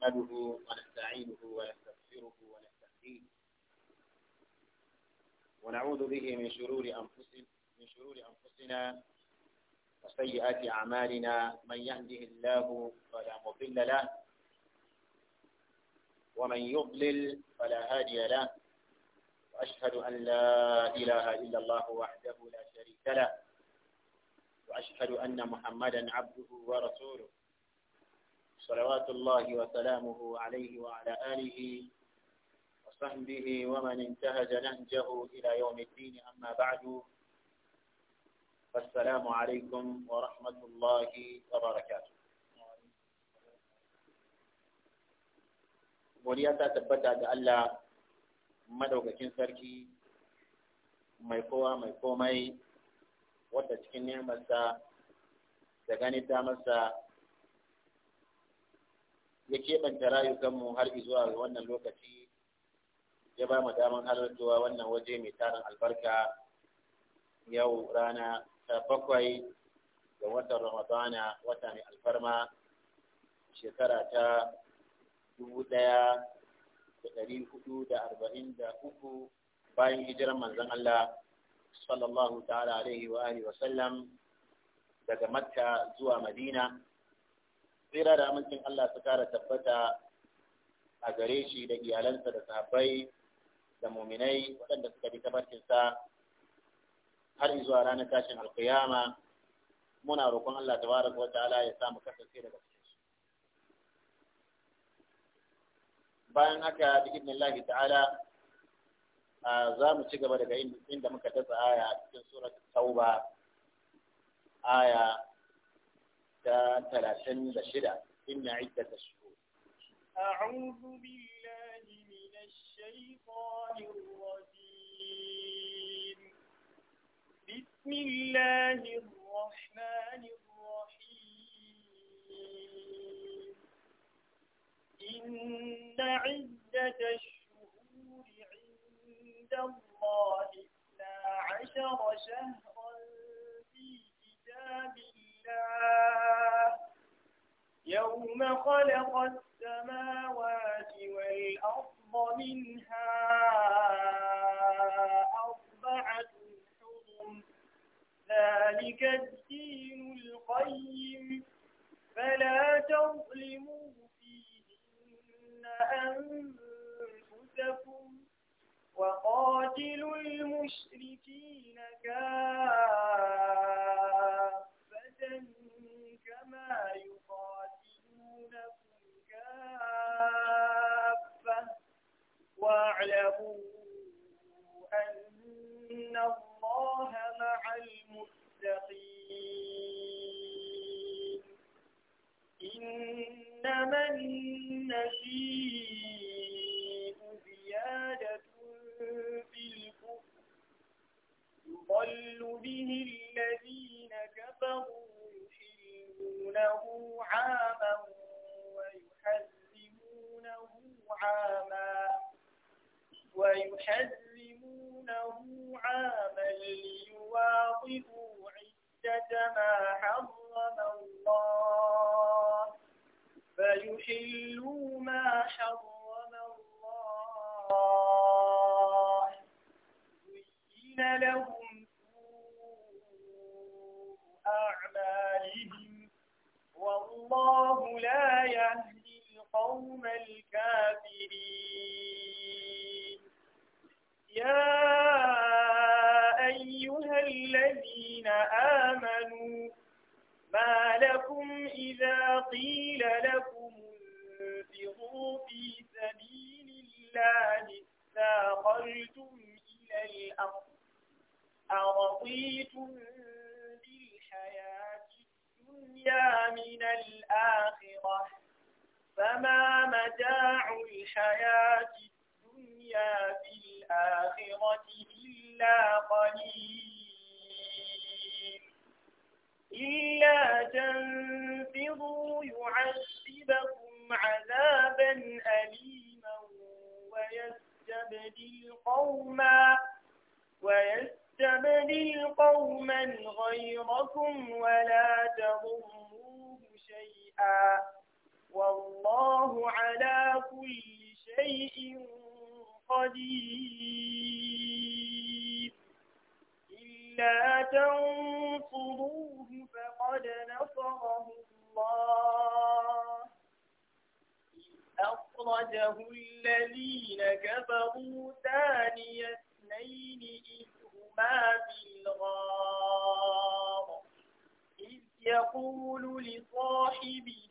نحمده ونستعينه ونستغفره ونستهديه ونعوذ به من شرور أنفسنا من شرور أنفسنا وسيئات أعمالنا من يهده الله فلا مضل له ومن يضلل فلا هادي له وأشهد أن لا إله إلا الله وحده لا شريك له وأشهد أن محمدا عبده ورسوله صلوات الله وسلامه عليه وعلى آله وصحبه ومن انتهج نهجه إلى يوم الدين أما بعد فالسلام عليكم ورحمة الله وبركاته godiya tabbata ga Allah madaukakin sarki mai kowa mai komai wadda cikin ni'amarsa da ta masa ya keɓanta rayukanmu har zuwa wannan lokaci ya ba mu damar halartowa wannan waje mai tarin albarka yau rana ta bakwai ga watan ramadana wata mai alfarma shekara ta dubu ɗaya da ɗari hudu da arba'in da uku bayan hijirar manzon Allah sallallahu ta'ala alaihi wa wa sallam daga Makka zuwa Madina tsira da amincin Allah su kara tabbata a gare shi da iyalansa da sahabbai da muminai waɗanda suka bi barkinsa, har zuwa ranar tashin alkiyama muna roƙon Allah wara wa ta'ala ya samu kasance daga cikin bayan haka bi idnillah ta'ala za mu ci gaba daga inda muka dasa aya a cikin surat tauba aya ثلاثين بشدة إن عدة الشهور أعوذ بالله من الشيطان الرجيم بسم الله الرحمن الرحيم إن عدة الشهور عند الله إثنى عشر شهرا في كتاب الله يوم خلق السماوات والأرض منها أربعة حرم ذلك الدين القيم فلا تظلموا فيهن أنفسكم وقاتلوا المشركين كافرين كما يقاتلونكم كافة واعلموا أن الله مع المتقين إنما النسيء زيادة في الكفر يضل به الذين كفروا يحلونه عاما ويحرمونه عاما ويحرمونه عاما ليواظبوا عدة ما حرم الله فيحلوا ما حرم الله زين لهم أعمالهم والله لا يهدي القوم الكافرين يا أيها الذين آمنوا ما لكم إذا قيل لكم انفروا في سبيل الله استاخرتم إلى الأرض أرضيتم بالحياة الدنيا من الآخرة فما متاع الحياة الدنيا في الآخرة إلا قليل إلا تنفضوا يعذبكم عذابا أليما ويستبدل قوما ويستبدل يستبدل قوما غيركم ولا تضروه شيئا والله على كل شيء قدير إلا تنصروه فقد نصره الله أخرجه الذين كفروا ثاني اثنين إذ أصحاب الغار إذ يقول لصاحبه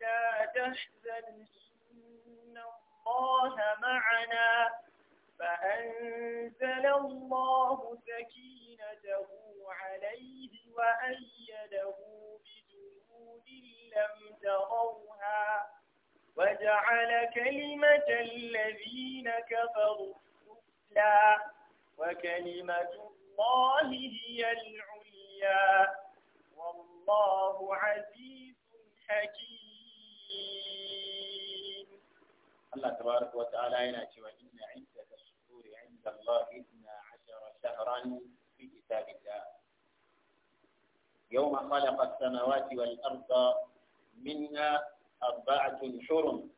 لا تحزن إن الله معنا فأنزل الله سكينته عليه وأيده بجنود لم تروها وجعل كلمة الذين كفروا السفلى وكلمة الله هي العليا والله عزيز حكيم الله تبارك وتعالى ينأتي وإن عدة الشهور عند الله إثنا عشر شهرا في كتاب الله يوم خلق السماوات والأرض منا أربعة حرم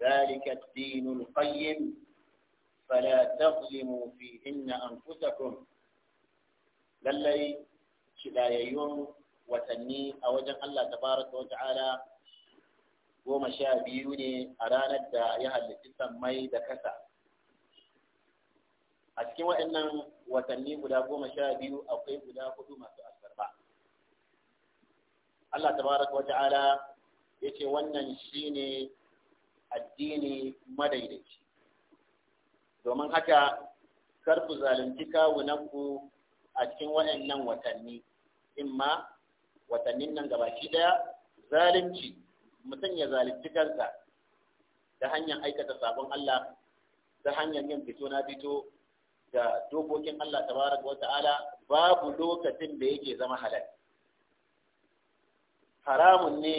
ذلك الدين القيم fi فلا تظلموا فيهن أنفسكم للي شدايون watanni a wajen Allah tabaraka Wata Ala goma sha biyu ne a ranar da ya halitti mai da kasa a cikin waɗannan watanni guda goma sha biyu akwai guda hudu masu albarba Allah tabaraka Wata Ala ya ce wannan shi ne addini madaidaici domin haka kar ku zalunci ku a cikin waɗannan watanni in ma watannin nan gabaki ɗaya, zalunci mutum ya zalunci kansa ta hanyar aikata sabon Allah ta hanyar yin fito na fito da dokokin Allah bara wa ta'ala babu lokacin da yake zama halal haramun ne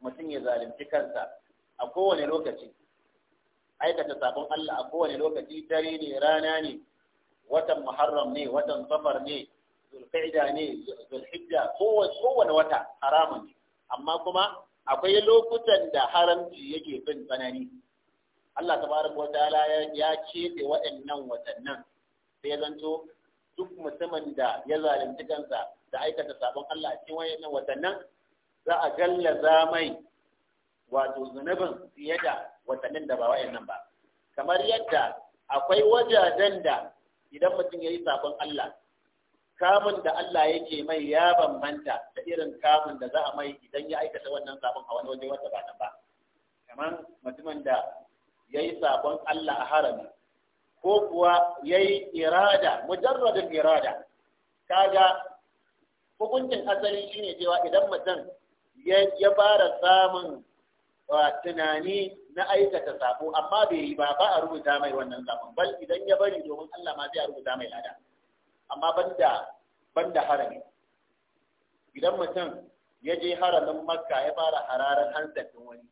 mutum ya zalunci kansa a kowane lokaci aikata sabon Allah a kowane lokaci dare ne rana ne watan muharram ne watan safar ne zulqa'ida ne zulhijja kowane wata haramun ne amma kuma akwai lokutan da haramci yake bin tsanani Allah tabaraka wa ta'ala ya keɓe waɗannan watannan sai zanto duk mutumin da ya zalunci kansa da aikata sabon Allah a cikin waɗannan watannan za a za mai wato zunubin fiye da watannin da ba wayannan ba kamar yadda akwai wajajen da idan mutum ya yi sakon Allah kamun da Allah yake mai ya bambanta da irin kamun da za a mai idan ya aikata wannan sabon a wani waje wanda ba nan ba kamar mutumin da ya yi sabon Allah a harami ko kuwa ya yi irada mujarradin irada kaga hukuncin asali shine cewa idan mutum ya fara samun tunani na aikata sako amma bai yi ba ba a rubuta mai wannan sakon bal idan ya bari domin Allah ma zai a rubuta mai lada amma banda banda harami idan mutum ya je haramin makka ya fara hararar hanzarin wani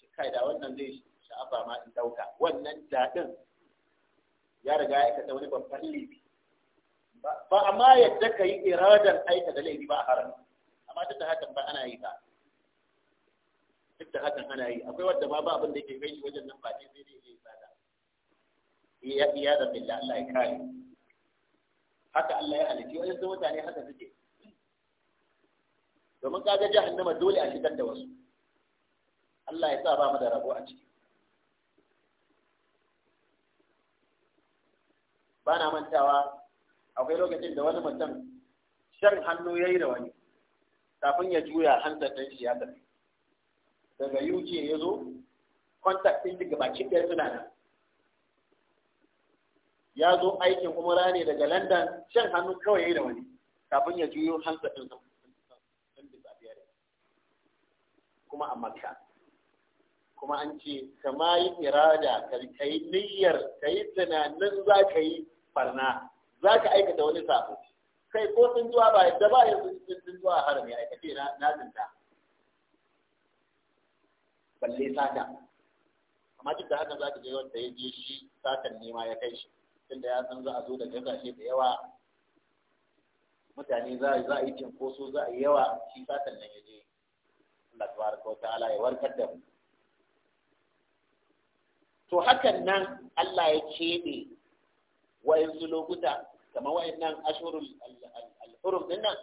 shi kai da wannan zai sha'afa ma in dauka wannan dadin ya riga ya aikata wani babban laifi ba amma yadda ka yi iradar aikata laifi ba a harami amma duk da hakan ba ana yi ba duk da hakan ana yi akwai wadda ba abin da ke kai shi wajen nan ba ne sai dai yayi sada ya iya da billah Allah ya kare haka Allah ya halitta wajen da mutane haka suke domin kaga jahannama dole a shigar da wasu Allah ya sa ba mu da rabo a ciki ba na mantawa akwai lokacin da wani mutum shan hannu ya yi da wani kafin ya juya hanzar ɗan shi ya tafi daga uk ya zo contact ɗin daga baki ɗaya suna nan ya zo aikin umura ne daga london shan hannu kawai ya yi da wani kafin ya juyo hansa ɗin kuma a makka kuma an ce kama yi irada ka yi niyyar ka yi tunanin za ka yi farna za ka aikata wani sabo kai ko sun zuwa ba yadda ba yanzu sun zuwa harami aikata na zinta balle sata amma duk da haka za ka je wanda ya je shi satan nema ya kai shi tunda ya san za a zo da kasashe da yawa mutane za a yi cinkoso za a yi yawa shi satan nan ya je Allah baraka wa ta'ala ya warkar da mu to hakan nan Allah ya keɓe wa'insu lokuta kamar wa'annan ashurul al-hurum din nan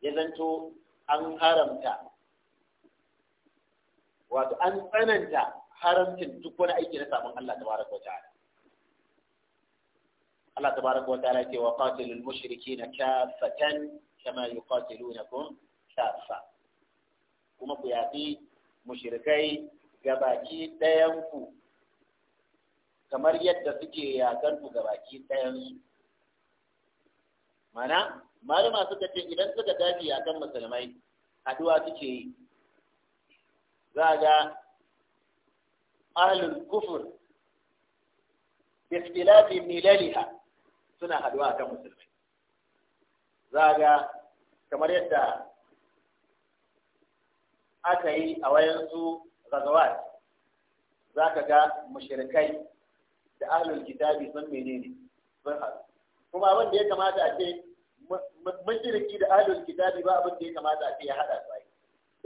ya zanto an haramta wato an tsananta haramcin duk wani aiki na sabon Allah tabaraka wa ta'ala Allah tabaraka wa ta'ala ce wa qatilul mushrikeena kaffatan kama yuqatilunakum kaffa kuma ku yafi mushrikai gabaki ɗayan ku kamar yadda suke yakan ku gabaki ɗayan su mana malama suka ce idan suka tafi yakan musulmai addu'a suke yi za ga ahlul kufur bi ikhtilafi milaliha suna haduwa akan musulmai za ga kamar yadda aka yi a wayansu gazawat za ka ga mushrikai da ahlul kitabi sun menene sun haɗu kuma wanda ya kamata a ce mushriki da ahlul kitabi ba abin da ya kamata a ce ya haɗa su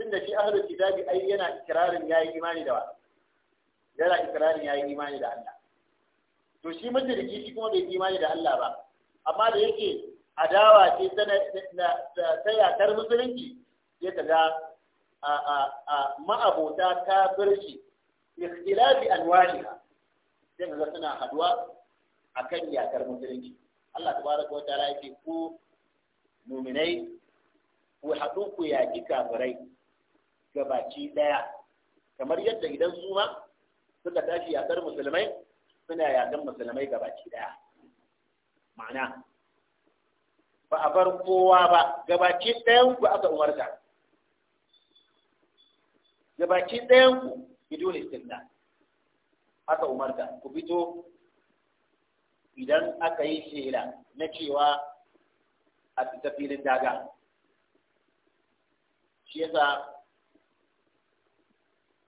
tunda shi ahlul kitabi ai yana ikrarin yayi imani da yana ikrarin yayi imani da Allah to shi mushriki shi kuma bai imani da Allah ba amma da yake adawa ce ta yakar musulunci ya ka a a ma'abota kafirci ikhtilafi anwaliha sai ka ga suna haduwa akan yakar musulunci Allah tabaraka wa ta'ala yake ku mu'minai ku haɗu ku yaƙi kafirai gabaki daya kamar yadda idan su ma suka tashi yakar musulmai suna yakan musulmai gabaki daya ma'ana ba a bar kowa ba gabaki ɗayan ku aka umarta gabaki ɗayan ku bidon istinna aka umarta ku fito idan aka yi shela na cewa a fita filin daga shi yasa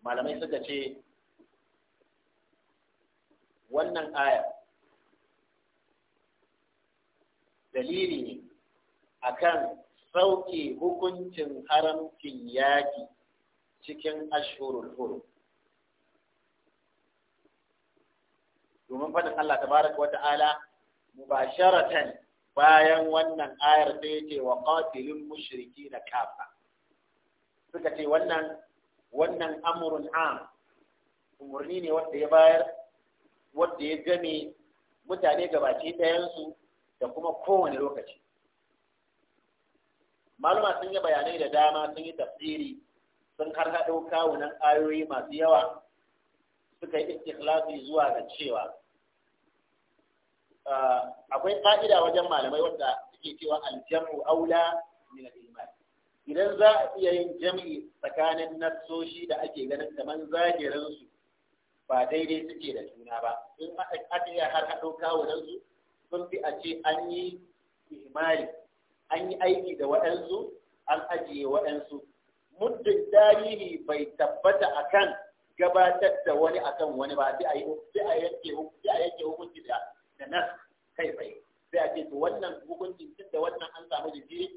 malamai suka ce wannan aya dalili ne akan sauke hukuncin haramcin yaki cikin ashurul huru domin faɗin Allah ta baraka wa ta'ala mubasharatan bayan wannan ayar sai ce wa qatilul na kafa suka ce wannan wannan Amurin am umarni ne wanda ya bayar wanda ya game mutane gabaci ɗayansu da kuma kowane lokaci maluma sun yi bayanai da dama sun yi tafsiri sun har haɗo kawunan ayoyi masu yawa suka yi istikhlasi zuwa ga cewa ah, akwai ƙa'ida wajen malamai wanda suke cewa aljamu aula min al-iman idan za a iya yin jam'i tsakanin nasoshi da ake ganin kamar su ba daidai suke da suna ba in aka iya har haɗo kawunansu sun fi a ce an yi imali, an yi aiki da waɗansu an ajiye waɗansu muddin tarihi bai tabbata akan gabatar da wani akan wani ba sai a yanke hukunci da nas kai bai sai a ce to wannan hukuncin tun da wannan an samu jikiri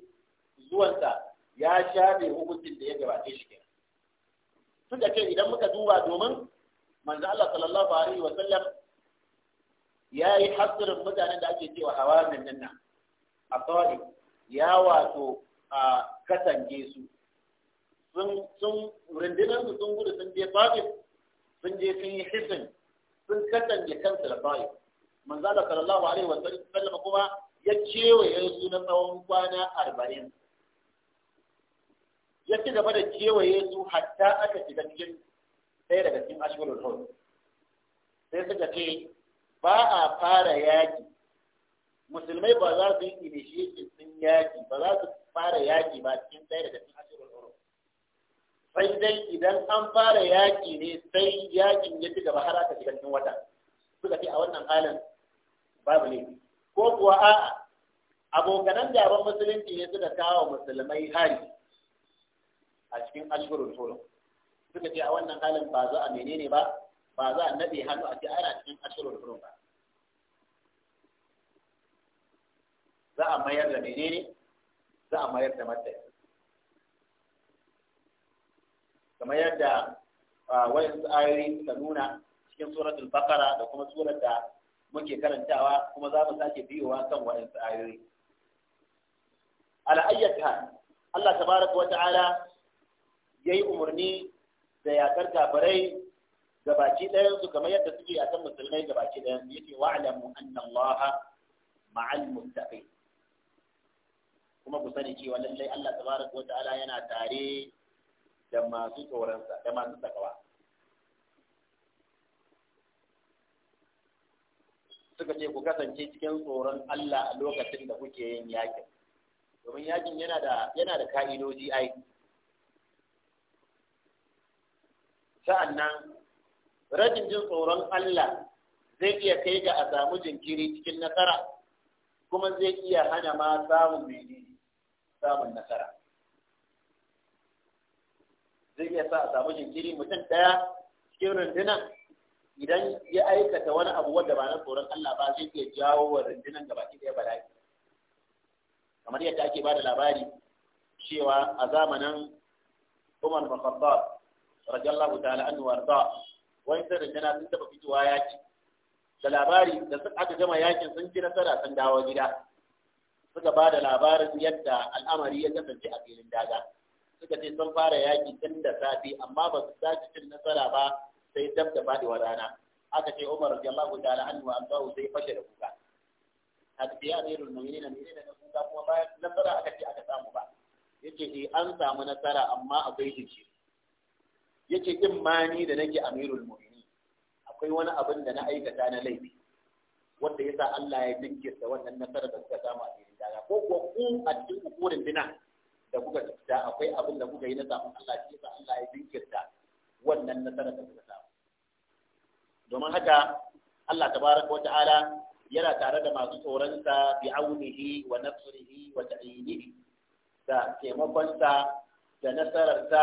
zuwansa ya shafe hukuncin da ya gabace shi kenan da ke idan muka duba domin manzo Allah sallallahu alaihi wa sallam ya yi hasirin mutanen da ake cewa hawamin nan nan a ya wato a katange su sun rundunar su sun gudu sun je babin sun je sun yi hisin sun katange kansu da bayan manzo Allah sallallahu alaihi wa sallam kuma ya kewaye su na tsawon kwana arba'in ya ci gaba da kewaye su hatta aka shiga cikin ɗaya daga cikin ashirin hur sai suka ce ba a fara yaƙi musulmai ba za su yi initiative sun yaƙi ba za su fara yaƙi ba cikin ɗaya daga cikin ashirin hur sai dai idan an fara yaƙi ne sai yaƙin ya ci gaba har aka shiga cikin wata suka ce a wannan halin babu ne ko kuwa a'a abokanan gaban musulunci ne suka kawo musulmai hari a cikin ashhurul hurum suka ce a wannan halin ba za a menene ba ba za a nabe hannu a ce ana cikin ashirin hurum ba za a mayar da menene za a mayar da matsayi kamar yadda wani tsari suka nuna cikin suratul bakara da kuma surat da muke karantawa kuma za mu sake biyowa kan wayansu ayoyi ala ayyata Allah tabaraka Ala. ya yi umarni da yakar ga gabaci ɗayansu kamar yadda suke a kan musulmai gabaci ɗayansu yake wa'alamu anna Allah ma'al muttaqin kuma ku sani cewa lallai Allah tabaraka wa ta'ala yana tare da masu tsoronsa da masu takawa suka ce ku kasance cikin tsoron Allah a lokacin da kuke yin yakin domin yakin yana da yana da ka'idoji aiki sa'an nan rajin jin tsoron Allah zai iya kai ga a samu jinkiri cikin nasara kuma zai iya hana ma samun mene samun nasara zai iya sa a samu jinkiri mutum ɗaya cikin rundunan idan ya aikata wani abu wadda ba na tsoron Allah ba zai iya jawo wa rundunan gaba ɗaya bala'i kamar yadda ake ba da labari cewa a zamanin Umar bin radiyallahu ta'ala anhu warda Wai sai da sun tafi fitowa yaki da labari da suka aka gama yakin sun ji nasara sun dawo gida suka ba da labarin yadda al'amari ya kasance a filin daga suka ce sun fara yaki tun da safe amma ba su sake cin nasara ba sai dab da faɗiwar rana aka ce Umar radiyallahu ta'ala anhu an zawo sai fashe da kuka aka ce ya amirul mu'minin ne da kuka kuma bayan nasara aka ce aka samu ba yace eh an samu nasara amma akwai jinkiri yace in ma ni da nake amirul mu'minin akwai wani abin da na aikata na laifi wanda yasa Allah ya dinkirta wannan nasarar da kuka samu a cikin daga ko kuwa ku a cikin kukurin dina da kuka tsita akwai abin da kuka yi na samu, Allah ya yasa Allah ya dinkirta wannan nasarar da kuka samu domin haka Allah tabaraka wa ta'ala yana tare da masu tsoronsa bi aunihi wa nasrihi wa ta'inihi da taimakonsa da nasararsa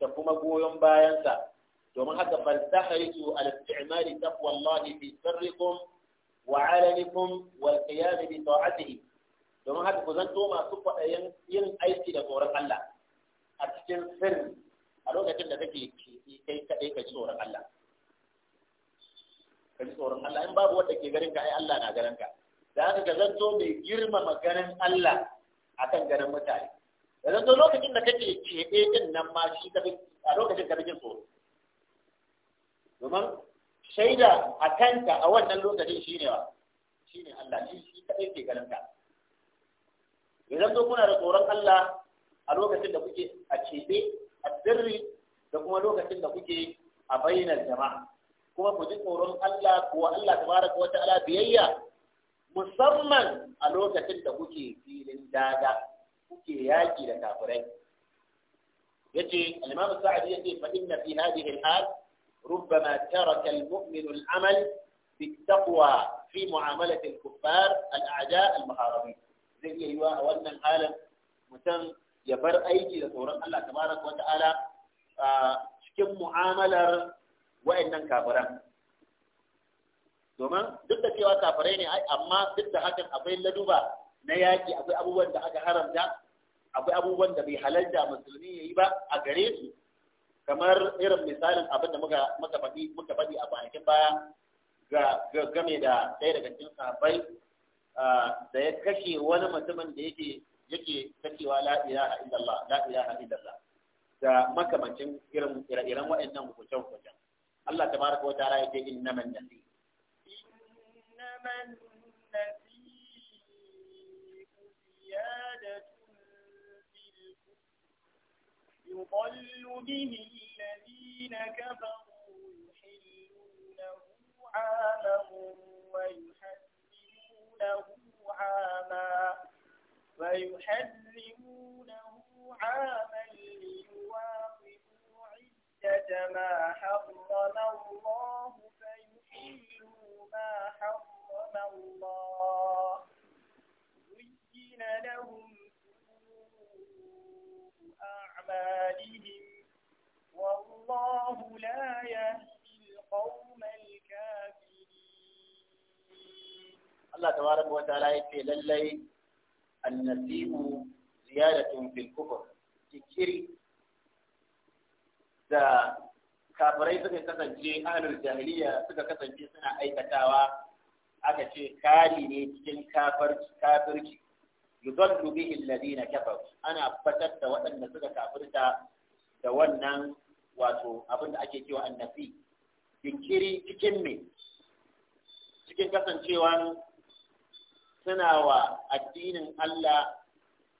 da kuma goyon bayansa domin haka faltaharitu al-istimali taqwa Allah fi sirrikum wa alanikum wal qiyam bi ta'atihi domin haka ku zanto masu kwaɗayin yin aiki da tsoron Allah a cikin sirri a lokacin da kake kai kaɗai kai tsoron Allah ka tsoron Allah in babu wanda ke ganin ka ai Allah na ganin ka da haka ka zanto mai girmama ganin Allah akan ganin mutane yanzu lokacin da kake keɓe din nan ma shi ka a lokacin ka bikin tsoro domin shaida a kanka a wannan lokacin shi ne wa shi ne Allah shi shi kaɗai ke ganin ka yanzu to kuna da tsoron Allah a lokacin da kuke a keɓe a sirri da kuma lokacin da kuke a bainar jama'a kuma ku ji tsoron Allah ko Allah tabaraka wa ta'ala biyayya musamman a lokacin da kuke filin daga كي ياجي لكافرين يجي الإمام السعد يجي فإن في هذه الآل ربما ترك المؤمن العمل بالتقوى في معاملة الكفار الأعداء المحاربين زي أيوة أولنا العالم مثلا يبر أيدي لطورة الله تبارك وتعالى كم معاملة وإنن كافرين أما ضد domin duk da cewa kafirai ne amma duk da hakan abai laduba na yaki abai abubuwan da aka haramta akwai abubuwan da bai halarta musulmi ya yi ba a gare su kamar irin misalin abin da muka faɗi muka faɗi a kwanakin baya ga game da ɗaya daga cikin sahabbai da ya kashe wani mutumin da yake yake kashewa la ilaha illallah la ilaha illallah da makamancin irin ire-iren waɗannan hukuncen-hukuncen Allah tabaraka wa ta'ala ya ce innaman nasi innaman يضل به الذين كفروا يحلونه عاما ويحرمونه عاما ويحرمونه عاما ليواطئوا عدة ما حرم الله فيحلوا ما حرم الله زين لهم أعمالهم والله لا يهدي القوم الكافرين الله تبارك وتعالى يقول للي النسيم زيادة في الكفر تكري da kafirai suka kasance ahlul jahiliya suka kasance suna aikatawa aka ce kari ne cikin kafirci yudallu bihi alladhina kafaru ana fatar da waɗanda suka kafirta da wannan wato abin da ake cewa annabi dikiri cikin me cikin kasancewa suna wa addinin Allah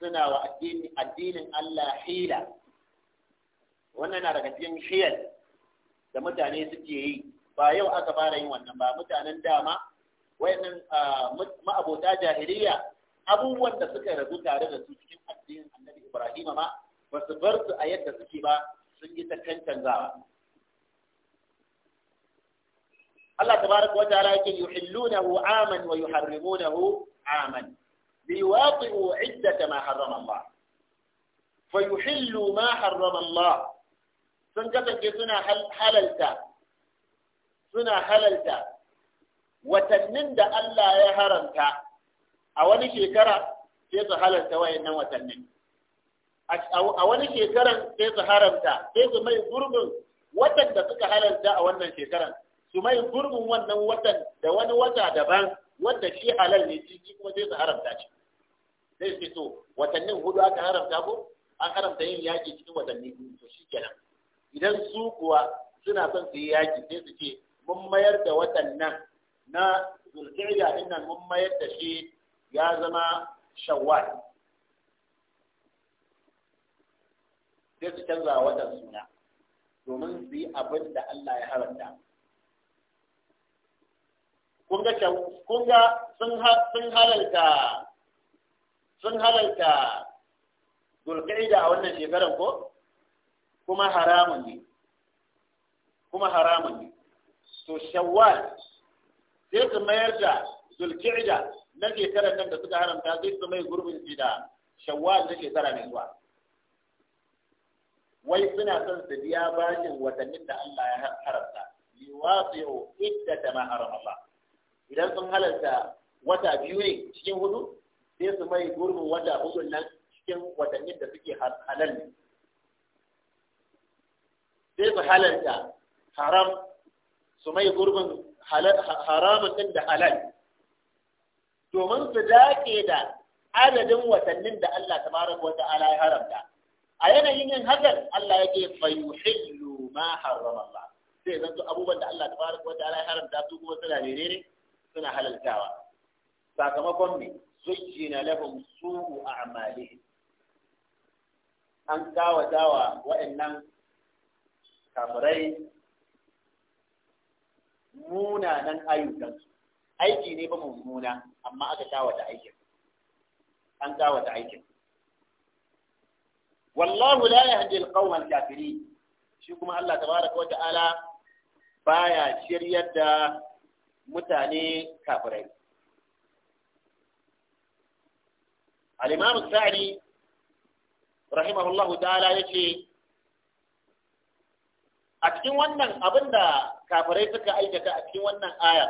suna wa addinin Allah hila wannan na daga cikin hiyar da mutane suke yi ba yau aka fara yin wannan ba mutanen dama wayannan ah, ma'abota jahiliya abubuwan da suka rabu tare da su cikin addinin annabi Ibrahim ma ba su bar su a yadda suke ba sun yi ta cancanzawa Allah Ta tabaraka wa ta'ala yake yuhillunahu aman wa yuharrimunahu aman liwaqi'u 'iddata ma harrama Allah fa yuhillu ma harrama Allah sun kasance suna halalta suna halalta watannin da Allah ya haramta a wani shekara sai su halarta wayannan watannin a wani shekaran sai su haramta sai su mai gurbin watan da suka halarta a wannan shekaran su mai gurbin wannan watan da wani wata daban wanda shi halal ne shi kuma sai su haramta shi sai su to watannin hudu aka haramta ko an haramta yin yaƙi cikin watanni biyu to shi kenan idan su kuwa suna son su yi yaƙi sai su ce mun mayar da watan nan na zulhijja din nan mun mayar da shi ya zama shawwal sai su canza watan suna domin su yi abin da Allah ya haranta. kun ga kun sun halarta sun halalta a wannan shekarar ko kuma haramun ne kuma haramun ne to shawwal sai su mayar da zulkida na shekarar nan da suka haramta zai su mai gurbin shi da shawwal na shekara mai zuwa wai suna son su biya bashin watannin da Allah ya haramta idda iddata ma haramta idan sun halarta wata biyu ne cikin hudu sai su mai gurbin wata hudun nan cikin watannin da suke halal ne sai su halarta haram su mai gurbin haramun din da halal domin su dace da adadin watannin da Allah Ta bara wa ta'ala ya haramta a yanayin yin hakan Allah yake fa yuhillu ma harrama Allah sai zan zo abubuwan da Allah Ta bara wa ta'ala ya haramta su kuma suna menene suna halaltawa sakamakon me zujjina lahum su'u a'malihim an dawa waɗannan kafirai munanan ayyukansu aiki ne ba mummuna amma aka tawata aikin an tawata aikin wallahu la yahdi alqawmal kafirin shi kuma Allah tabaraka wa ta'ala baya shiryar da mutane kafirai al-imam as-sa'di rahimahullahu ta'ala yace a cikin wannan abinda kafirai suka aikata a cikin wannan aya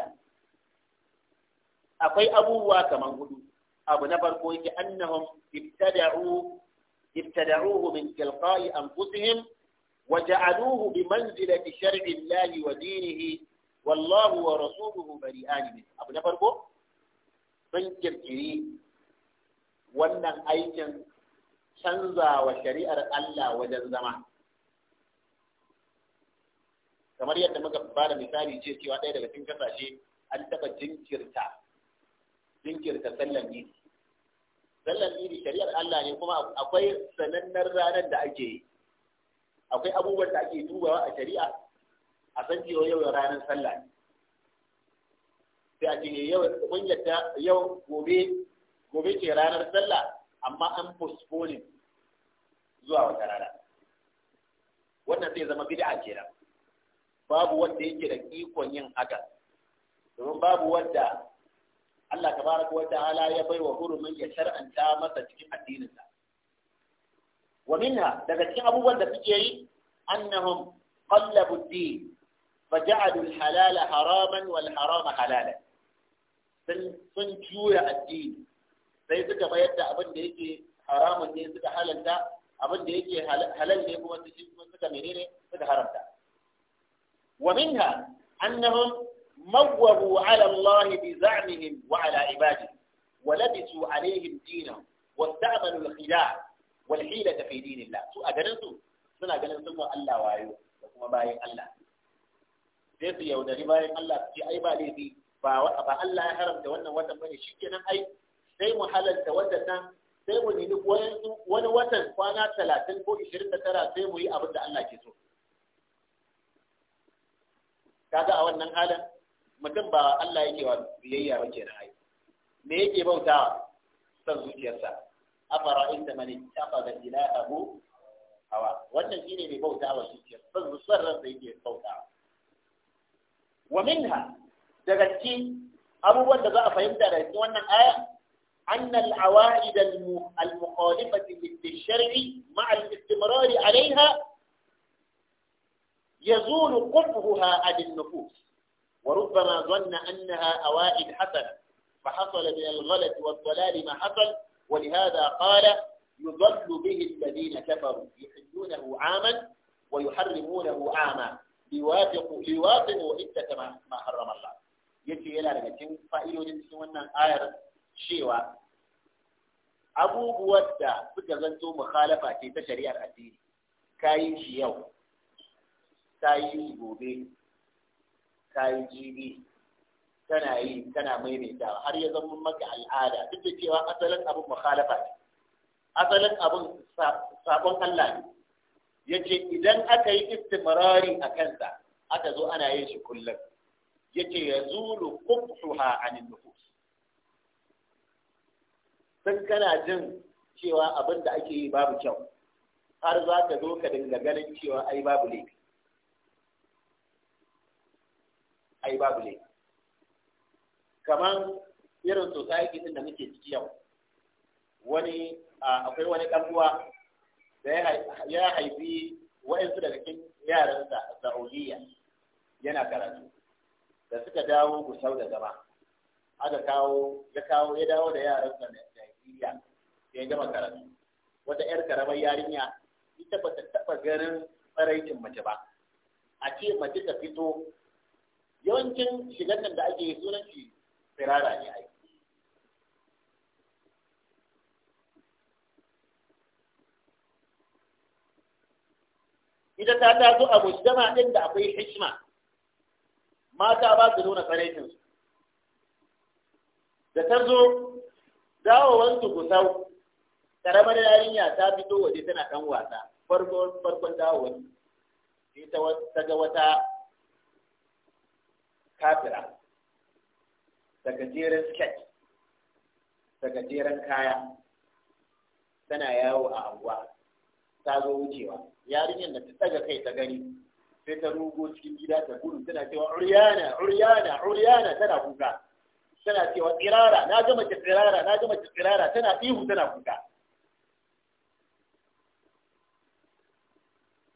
akwai abubuwa kaman hudu abu na farko yake annahum ibtada'u ibtada'uhu min tilqa'i anfusihim wa ja'aluhu bi manzilati shar'i Allah wa dinihi wallahu wa rasuluhu bari'an min abu na farko sun kirkiri wannan aikin canza wa shari'ar Allah wajen zama kamar yadda muka ba da misali ce cewa ɗaya daga cikin kasashe an taɓa jinkirta jinkirta sallan idi sallan idi shari'ar Allah ne kuma akwai sanannen ranar da ake yi akwai abubuwan da ake dubawa a shari'a a san cewa yau ranar sallah ne sai a ce eh, yau kun yadda yau gobe gobe ce ranar sallah amma an postpone zuwa wata rana wannan zai zama bid'a kenan babu wanda yake da ikon yin haka domin babu wanda Allah tabaraka wa ta'ala ya bai wa hurumin ya shar'anta masa cikin addininsa wa minha daga cikin abubuwan da suke yi annahum qallabu ad-din faja'alu al-halal haraman wal haram halalan sun juya addini sai suka bayar da abin da yake haramun ne suka halanta abin da yake halal ne kuma suka menene suka haramta wa minha annahum موهوا على الله بزعمهم وعلى عباده ولبسوا عليهم دينهم واستعملوا الخداع والحيلة في دين سو سنة الله وعيو وكما باين الله su yaudari bayan Allah su ce ai ba laifi ba ba Allah ya haramta wannan watan bane shikenan ai sai mu halalta watan nan wani watan kwana da ke so kaga a wannan halin mutum ba Allah yake wa biyayya ba kenan ai me yake bauta san zuciyarsa afara inda mani ila abu hawa wannan shine mai bauta wa zuciyar san zuciyar ransa yake bauta wa minha daga cikin abubuwan da za a fahimta da cikin wannan aya أن العوائد المخالفة للشرع مع الاستمرار عليها يزول قبهها عن النفوس وربما ظن أنها أوائل حسن فحصل من الغلط والضلال ما حصل ولهذا قال يضل به الذين كفروا يحجونه عاما ويحرمونه عاما ليوافقوا ليوافقوا عدة ما حرم الله يجي إلى رجل فإلى جنسونا اير شيوا أبو بوتا فكذنتو مخالفة في تشريع الدين كاين شيوة كاين شيوة kayi jibi Tana yi tana maimaita. har ya zama maka al'ada duk da cewa asalin abin mukhalafa ne asalin abin sabon Allah ne yace idan aka yi istimrari a kansa aka zo ana yin shi kullum yace yazulu qubhuha anin nufus sun kana jin cewa abin da ake yi babu kyau har za ka zo ka dinga ganin cewa ai babu laifi ai babu ne kaman irin society din da muke ciki yau wani akwai wani dan uwa da ya haifi wa'ansu daga cikin yaransa a Saudiya yana karatu da suka dawo gusau da zama aka kawo ya kawo ya dawo da yaransa da Nigeria ya gama karatu wata yar karamar yarinya ita ba ta taba ganin tsaraicin mace ba a ce mace ta fito yawancin shigar nan da ake yi sunan shi firara ne ai ita ta taso a mujtama din da akwai hikima mata ba su nuna su da ta zo ku gusau karamar yarinya ta fito waje tana ɗan wasa farkon farkon dawowar ita ta ga wata kafira da gajeren sket da gajeren kaya tana yawo a anguwa ta zo wucewa yarinyar da ta daga kai ta gani sai ta rugo cikin gida ta gudu tana cewa uriyana uriyana uriyana tana kuka tana cewa tsirara na gama mace tsirara na gama mace tsirara tana ihu tana kuka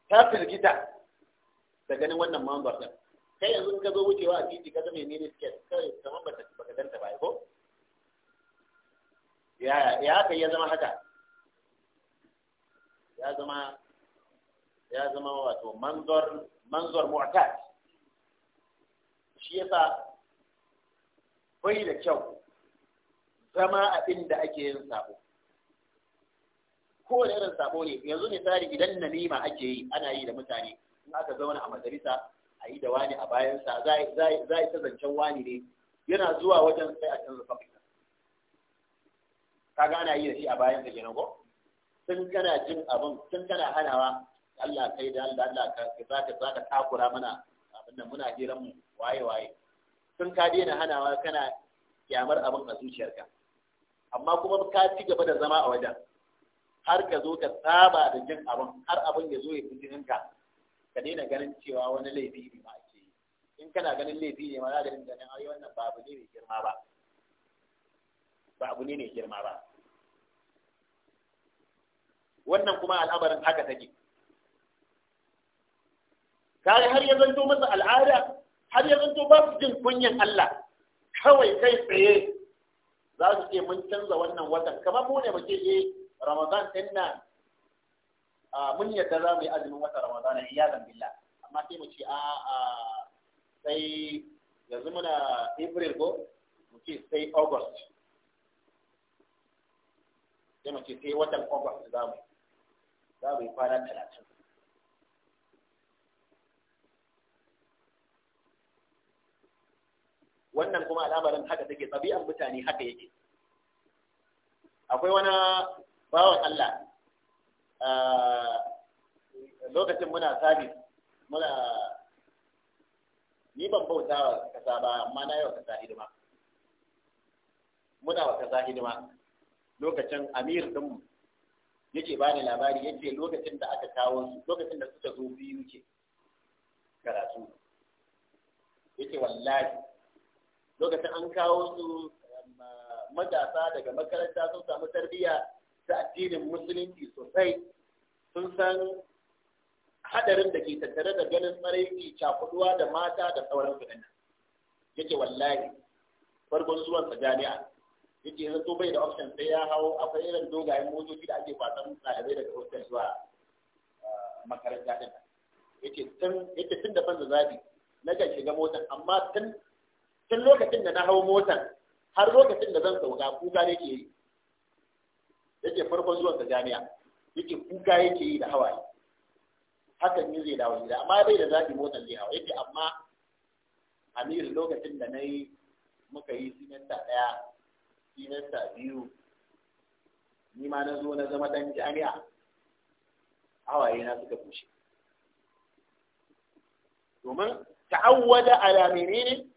ta firgita da ganin wannan mambar kai yanzu ka zo wucewa a titi ka zama menene suke kai kamar ba baka danta ba ko ya ya kai ya zama haka ya zama ya zama wato manzor manzor mu'tad shi yasa bai da kyau zama a inda ake yin sabo kowane irin sabo ne yanzu misali idan namima ake yi ana yi da mutane in aka zauna a majalisa a yi da wani a bayansa za a yi ta zancen wani ne yana zuwa wajen sai a canza fabrika kaga ana yi da shi a bayansa kenan ko tun kana jin abin tun kana hanawa Allah kai da Allah Allah ka za ka za ka takura mana abin nan muna jiran mu waye waye tun ka daina hanawa kana kyamar abin a zuciyarka amma kuma ka ci gaba da zama a wajen har ka zo ka saba da jin abin har abin ya zo ya fi jininka ka daina ganin cewa wani laifi ne ma ake yi in kana ganin laifi ne ma za ka daina ganin ayi wannan ba abu ne mai girma ba ba abu ne mai girma ba wannan kuma al'amarin haka take kare har ya zanto masa al'ada har ya zanto ba su jin kunyan Allah kawai kai tsaye za su ce mun canza wannan watan kamar mu ne muke yi Ramadan din nan mun yadda za mu yi azumin wata ramadana iyadan billah amma sai mu ce a sai yanzu muna april ko mu ce sai august sai mu ce sai watan august za mu za mu yi kwana talatin wannan kuma al'amarin haka take tsabi'an mutane haka yake akwai wani bawan Allah Ah, lokacin muna sabis muna ni ban bauta wa kasa ba amma na yi wa kasa hidima muna wa kasa hidima lokacin amir din yake ba ni labari yake lokacin da aka kawo su lokacin da suka zo biyu ke karatu yake wallahi lokacin an kawo su um, matasa daga makaranta sun samu tarbiyya da addinin musulunci sosai sun san hadarin da ke tattare da ganin tsaraiki cakuduwa da mata da sauran su ɗana yake wallahi farkon zuwan sa jami'a yake to bai da option sai ya hawo akwai irin dogayen motoci da ake kwasan ɗalibai daga hostel zuwa ah, makaranta ɗin yake tun yake tun da ban da zabi na kan shiga motan amma tun tun lokacin da na hau motan har lokacin da zan sauka kuka ne ke yi yake farkon zuwan ga jami'a yake kuka yake yi da hawaye hakan ne zai dawo gida amma bai da zaɓi motsa zai hawa yake amma amir lokacin da na yi muka yi sinanta ɗaya sinanta biyu ni ma na zo na zama ɗan jami'a hawaye na suka bushe domin ta'awwada ala menene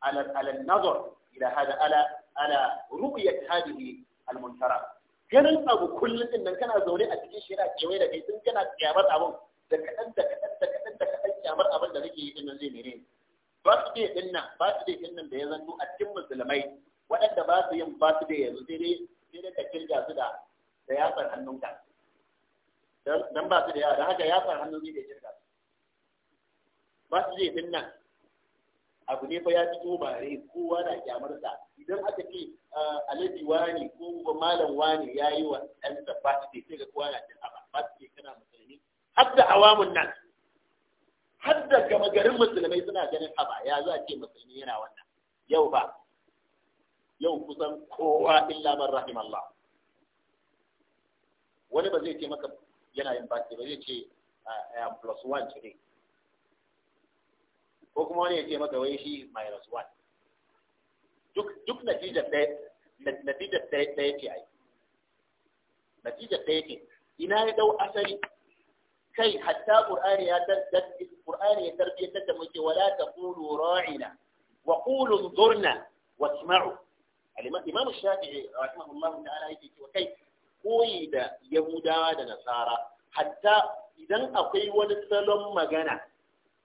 ala nazar ila hada ala ala ru'yat hadhihi al-muntara ganin abu kullum din nan kana zaune a cikin shi yana kewaye da kai tun kana kyamar abin da kaɗan da kaɗan da kaɗan da kaɗan kyamar abin da nake yi din nan zai mere birthday din nan birthday din nan da ya zanto a cikin musulmai waɗanda ba su yin birthday yanzu sai dai sai dai ka kirga su da da yatsar hannunka dan ba su da yawa don haka yatsar hannun zai da kirga su birthday din nan abu ne fa ya fito bare kowa na kyamarsa idan aka ce ah, alaji wani ko malam wani ya yi wa ba fasike sai ga kowa na cin aba fasike kana musulmi hadda awamun nan hadda gama garin musulmai suna ganin haɓa ya zo a ce musulmi yana wannan yau ba yau kusan kowa illa man rahim Allah wani ba zai ce maka yana yin fasike ba zai ce ah, plus one today ko kuma wani ya ce maka wai shi minus one duk duk natijar ɗaya natijar ɗaya ce ai natijar ɗaya ce ina ya dau asali kai hatta qur'ani ya tarbiyyar qur'ani ya tarbiyyar da muke wala taqulu ra'ina wa qulu dhurna wasma'u al-imam shafi'i rahimahullahu ta'ala yake cewa kai koyi da yahudawa da nasara hatta idan akwai wani salon magana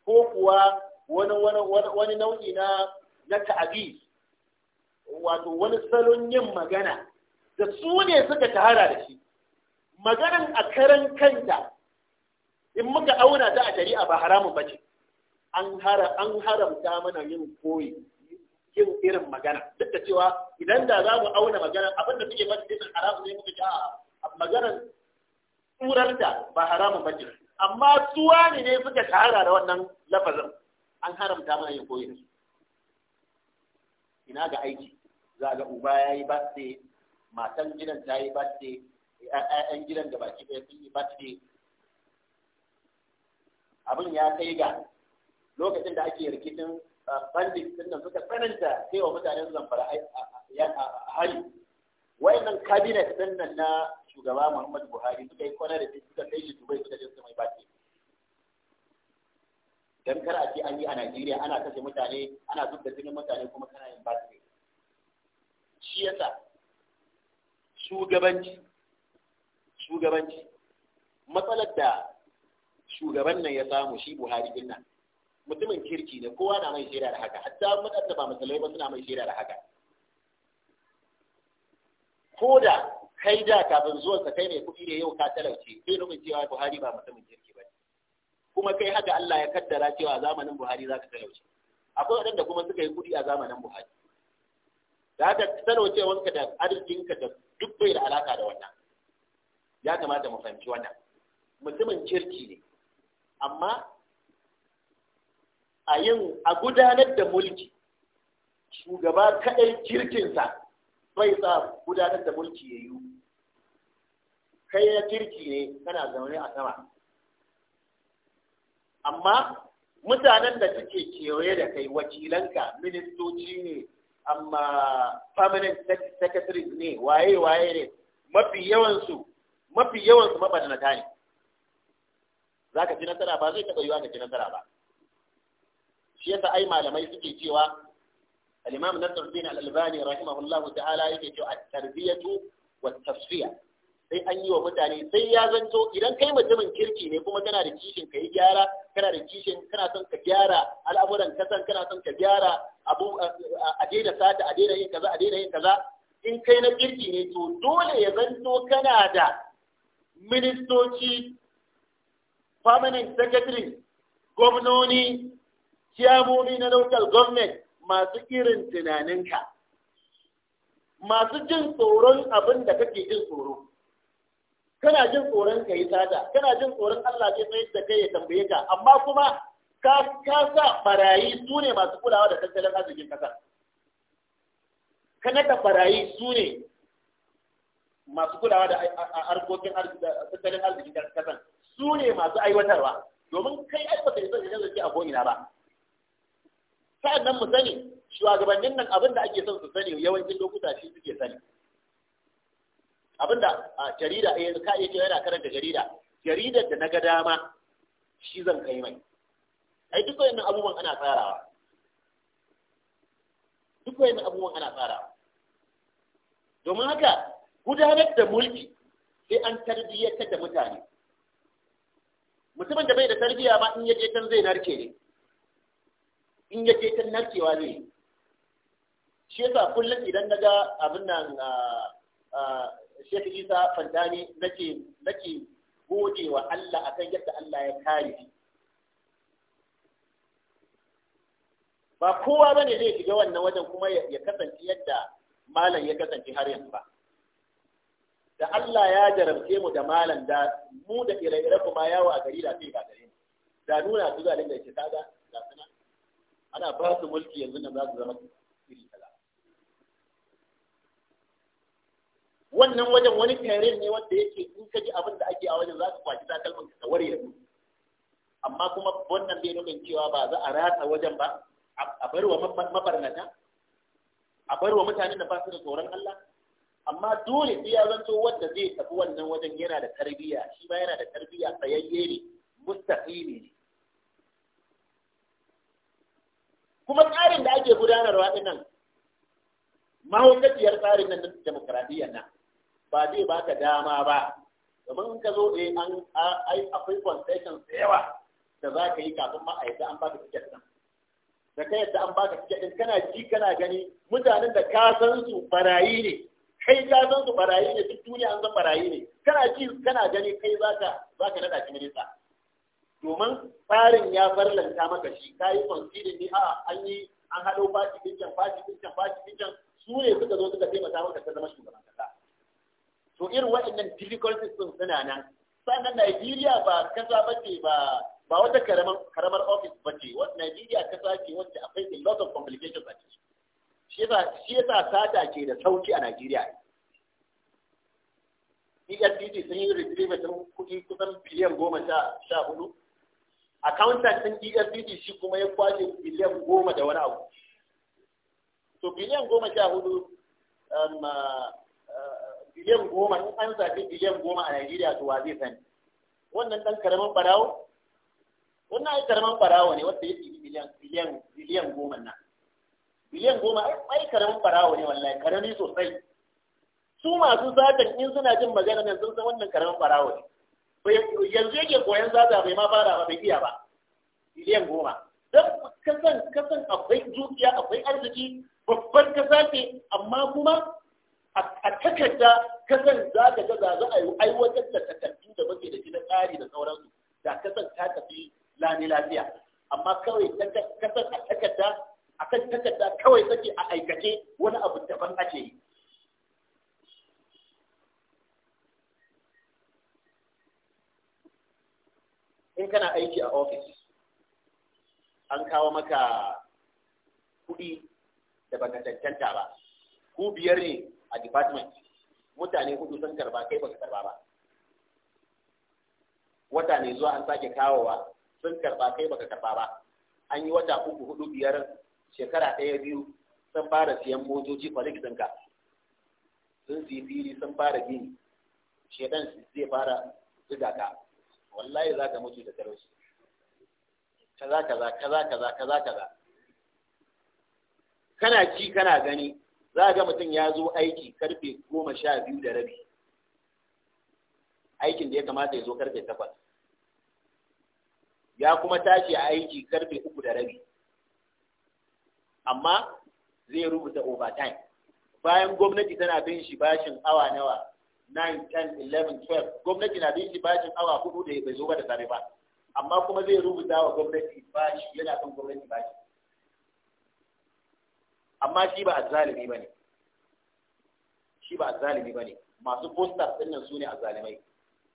ko kuwa wani wani nau'i na na ta'abi wato wani salon yin magana da su ne suka tahara da shi maganan a karan kanta in muka auna ta a shari'a ba haramun bace an haramta mana yin koyi yin irin magana duk da cewa idan da za mu auna magana abin da suke mace sun haramun ne muka ji a maganan tsurarta ba haramun bace amma tsuwa ne ne suka tahara da wannan lafazin an haramta mana yin koyi da su ina ga aiki za ga uba ya yi birthday matan gidan ta yi birthday ɗan gidan da baki ɗaya sun yi birthday abin ya kai ga lokacin da ake rikicin uh, bandit din nan suka tsananta kai wa su zamfara a hari wayannan kabinet din nan na shugaba Muhammadu Buhari suka yi kwana da suka kai shi Dubai suka je su mai birthday dan kar a ce an yi a Najeriya ana kashe mutane ana zub da jinin mutane kuma kana yin ba shi yasa shugabanci shugabanci matsalar da shugaban nan ya samu shi Buhari din nan mutumin kirki ne kowa na mai shaida da haka hatta waɗanda ba musulmai ba suna mai shaida da haka ko da kai da kafin zuwansa kai mai kuɗi ne yau ka talauce sai nufin cewa Buhari ba mutumin kirki ba kuma kai haka Allah ya kaddara cewa zamanin Buhari za ka talauce akwai waɗanda kuma suka yi kuɗi a zamanin Buhari da haka wanka da arzikinka da duk bai da alaka da wannan ya kamata mu fahimci wannan mutumin kirki ne amma a yin a gudanar da mulki shugaba kaɗai kirkinsa bai sa gudanar da mulki ya yiwu kai na kirki ne kana zaune a sama amma mutanen da suke kewaye da kai wakilanka ministoci ne amma permanent secretary ne waye waye ne mafi yawansu mafi yawansu mabarnata ne za ka ci nasara ba zai taɓa yiwa ka ji nasara ba shi yasa ai malamai suke cewa al-imam Nasruddin al-Albani rahimahullahu ta'ala yake cewa at-tarbiyatu wat-tasfiya sai an yi wa mutane sai ya zanto idan kai mutumin kirki ne kuma kana da kishin ka yi gyara kana da kishin kana son ka gyara al'amuran kasan kana son ka gyara abu a daina sata a daina yin kaza a daina yin kaza in kai na kirki ne to dole ya zanto kana da ministoci permanent secretary gwamnoni ciyamomi na local government masu irin tunaninka masu jin tsoron abin da kake jin tsoro kana jin tsoron ka yi tada kana jin tsoron Allah zai mai da kai ya tambaye ka amma kuma ka ka sa barayi su ne masu kulawa da tattalin arzikin kasa kana da barayi su ne masu kulawa da harkokin tattalin arzikin kasa su ne masu aiwatarwa domin kai aibata isa ne zai a ko'ina ba sa'an nan mu sani shugabannin nan abin da ake son su sani yawancin lokuta shi suke sani abinda a jarida eh ka iya cewa yana karanta jarida jaridar da na ga dama shi zan kai mai ai duk wayannan abubuwan ana tsarawa duk wayannan abubuwan ana tsarawa domin haka gudanar da mulki sai an tarbiyyar da mutane mutumin da bai da tarbiyya ma in yaje can zai narke ne in yaje can narkewa zai shi yasa kullum idan na ga abin nan Sheikh Isa Fandani nake nake gode wa Allah akan yadda Allah ya kare shi ba kowa bane zai shiga wannan wajen kuma ya kasance yadda malam ya kasance har yanzu ba da Allah ya jarabce mu da malam da mu da ire-ire kuma yawo a gari da sai ga gare mu da nuna su zalin da ke kaga ga suna ana ba su mulki yanzu nan za su zama wannan wajen wani tare ne wanda yake in ka ji abin da ake a wajen za ka kwaci takalman ka ware da amma kuma wannan bai nufin cewa ba za a ratsa wajen ba a bar wa mabarnata a bar wa mutanen da ba su da tsoron Allah amma dole sai ya zanto wanda zai tafi wannan wajen yana da tarbiyya shi ba yana da tarbiyya tsayayye ne mustaqimi ne kuma tsarin da ake gudanarwa dinnan mahaukaciyar tsarin nan na demokradiyya nan ba zai baka dama ba domin ka zo eh an ai akwai concession da yawa da za ka yi kafin ma a an baka ticket din da ka yadda an baka ticket din kana ji kana gani mutanen da ka san su barayi ne kai ka san su barayi ne duk duniya an san barayi ne kana ji kana gani kai zaka zaka nada shi minista domin tsarin ya farlanta maka shi ka yi ne a an yi an haɗo fashi dinkin fashi dinkin fashi dinkin su ne suka zo suka taimaka maka ta zama shugaban kasa to irin waɗannan difficulties sun suna nan sannan Najeriya ba kasa bace ba ba wata karamar karamar office bace wata Najeriya kasa ce wacce akwai a lot of complications a ciki shi yasa shi yasa sata ke da sauki a Najeriya EFCC sun yi retrieve sun kuɗi kusan biliyan goma sha hudu accountant ɗin EFCC shi kuma ya kwashe biliyan goma da wani abu to biliyan goma sha hudu um, uh, biliyan goma in an zaɓi biliyan goma a Najeriya to wa zai sani wannan ɗan karamin farawo? wannan ai karamin farawo ne wanda ya ɗibi biliyan biliyan goma nan biliyan goma ai karamin farawo ne wallahi karami sosai su masu satan in suna jin magana nan sun san wannan karamin farawo ne yanzu yake koyan zaza bai ma fara ba bai iya ba biliyan goma don kasan kasan akwai dukiya akwai arziki babbar kasa ce amma kuma a takarda kasan za ka ga za a aiwatar da takardu da muke da gidan tsari da sauransu da kasan ta tafi lani lafiya amma kawai kasan a takarda a kan takarda kawai take a aikace wani abu daban ake yi in kana aiki a ofis an kawo maka kuɗi da baka tantanta ba ku biyar ne a department mutane hudu sun karba kai ba baka karba ba wata ne zuwa an sake kawowa sun karba kai ba ka karba ba an yi wata uku hudu biyar shekara ɗaya biyu sun fara siyan motoci kwalik ɗinka sun siyi fili sun fara gini shedan zai fara zuga ka wallahi za ka mutu da talauci kaza kaza kaza kaza kaza kaza kana ci kana gani za ga mutum ya zo aiki karfe goma sha biyu da rabi aikin da ya kamata ya zo karfe takwas ya kuma tashi a aiki karfe uku da rabi amma zai rubuta overtime bayan gwamnati tana bin shi bashin awa nawa 9 10 11 12 gwamnati na bin shi bashin awa hudu da bai zo ba da safe ba amma kuma zai rubuta wa gwamnati bashi yana kan gwamnati bashi amma shi ba azzalimi bane shi ba azzalimi bane masu posters din nan sune azzalimai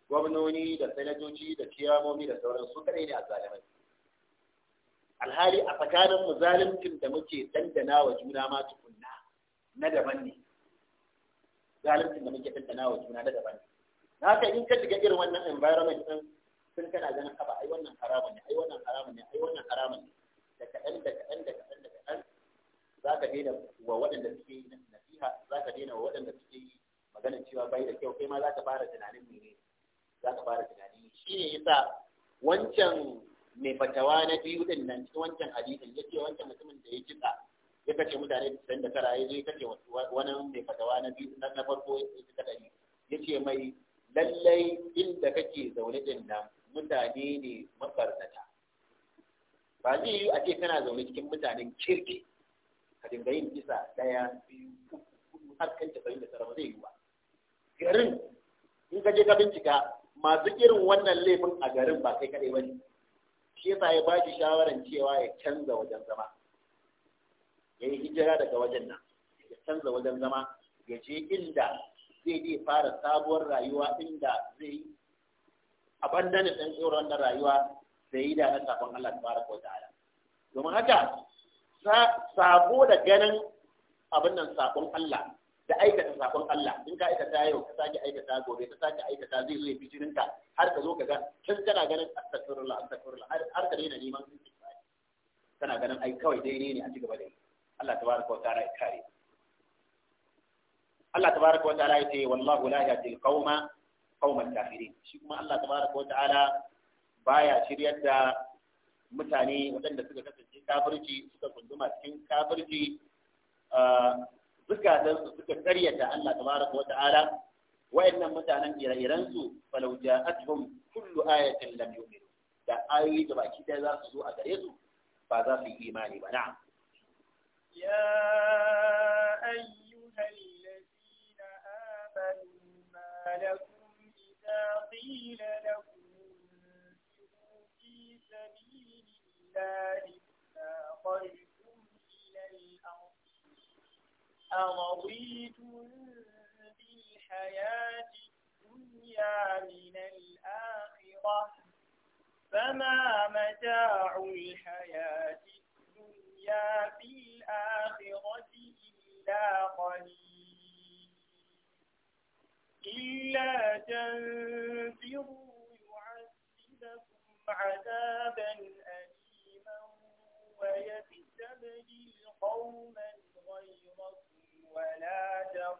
gwamnoni da sanatoci da ciyamomi da sauran su kadai ne azzalimai alhali a tsakanin mu zalimcin da muke dandana wa juna ma tukunna na daban ne zalimcin da muke dandana wa juna na daban ne na ka in ka shiga irin wannan environment din sun kana ganin haba ai wannan haramun ne ai wannan haramun ne ai wannan haramun ne da kaɗan da kaɗan da kaɗan za ka daina wa waɗanda suke yi nasiha za ka daina wa waɗanda suke yi magana cewa bai da kyau kai ma za ka fara tunanin mene za ka fara tunanin shi ne yasa wancan mai fatawa na biyu din nan cikin wancan hadisin ya ce wancan mutumin da ya kitsa ya kace mutane da sanda kara ya je kace wani mai fatawa na biyu na farko ya ce kadari ya ce mai lallai inda kake zaune din nan mutane ne mabarnata ba zai yi a ce kana zaune cikin mutanen kirki ka dinga yin kisa ɗaya biyu uku har kan casa'in da tara zai yi ba garin in ka je ka bincika masu irin wannan laifin a garin ba kai kadai ba shi yasa ya baki shawaran cewa ya canza wajen zama ya yi hijira daga wajen nan ya canza wajen zama ya je inda zai je fara sabuwar rayuwa inda zai yi ɗan tsoron da rayuwa zai yi da na sabon Allah ta fara wa domin haka sabo da ganin abin nan sabon Allah da aikata sabon Allah in ka aikata yau ka sake aikata gobe ka sake aikata zai zo ya fi ka har ka zo ka ga kin kana ganin astaghfirullah astaghfirullah har ka daina neman istighfar kana ganin ai kawai daidai ne a cigaba da yi Allah tabaraka wa ta'ala ya kare Allah tabaraka wa ta'ala ya ce wallahu la yahdi al-qauma qauma kafirin shi kuma Allah tabaraka wa ta'ala baya shiryar da mutane waɗanda suka kasance kafirci suka kunduma cikin kafirci su suka karyata Allah tabaraka wata'ala wa'annan mutanen ire-iren su falau ja'atuhum kullu ayatin lam yu'minu da ayoyi da baki ɗaya za su zo a gare su ba za su yi imani ba na'am ya ayyuhal ladina amanu ma lakum idza qila lakum fi sabilillahi أثقلتم إلى الأرض أرضيتم بالحياة الدنيا من الآخرة فما متاع الحياة الدنيا في الآخرة إلا قليل إلا تنفروا يعذبكم عذابا أليما قوما غيركم ولا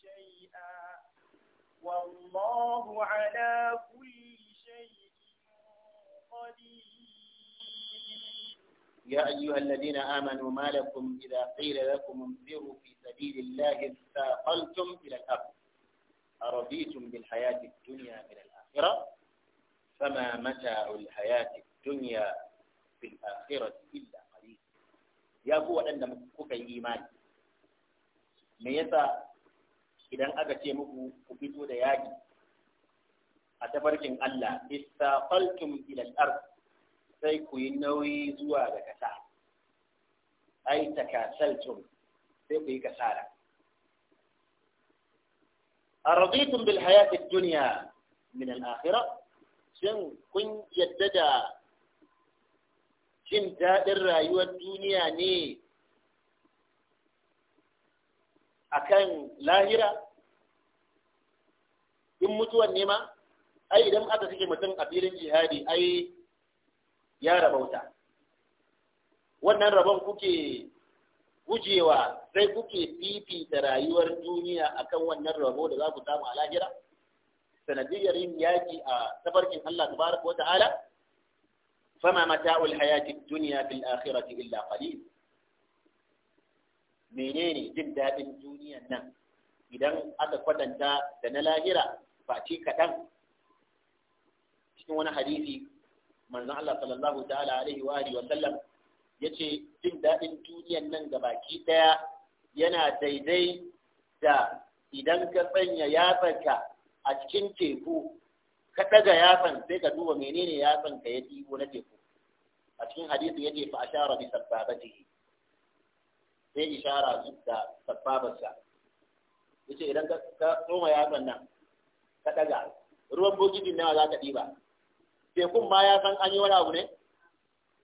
شيئا والله على كل شيء قدير يا أيها الذين آمنوا ما لكم إذا قيل لكم انفروا في سبيل الله استاقلتم إلى الأرض أرضيتم بالحياة الدنيا من الآخرة فما متاع الحياة الدنيا fil akhirati illa qalil ya ku waɗanda kuka yi imani me yasa idan aka ce muku ku fito da yaki a tafarkin Allah istaqaltum ila al-ard sai ku yi nauyi zuwa ga kasa ai takasaltum sai ku yi kasara araditum bil hayati ad-dunya min al-akhirah shin kun yarda da jin daɗin rayuwar duniya ne a kan lahira in mutuwan nema ai idan aka suke mutum a filin jihadi ai ya rabauta wannan rabon kuke gujewa sai kuke fifita rayuwar duniya akan wannan rabo da za ku samu a lahira sanadiyar yin yaƙi a tafarkin Allah tabaraka wata ta'ala fama mata'ul hayatid dunya fil akhirati illa qalil menene jin daɗin duniyan nan idan aka kwatanta da na lahira faci kaɗan cikin wani hadisi manzon Allah sallallahu ta'ala alaihi wa alihi wa sallam yace jin daɗin duniyan nan ga baki ɗaya yana daidai da idan ka sanya yatsarka a cikin teku ka daga yatsan sai ka duba menene yatsan ka ya ɗibo na teku a cikin hadisi yake fa ashara bi sabbabatihi sai ishara da sabbabarsa yace idan ka tsoma yatsan nan ka daga ruwan bokitin nawa za ka ɗiba tekun ma ya san an yi wani abu ne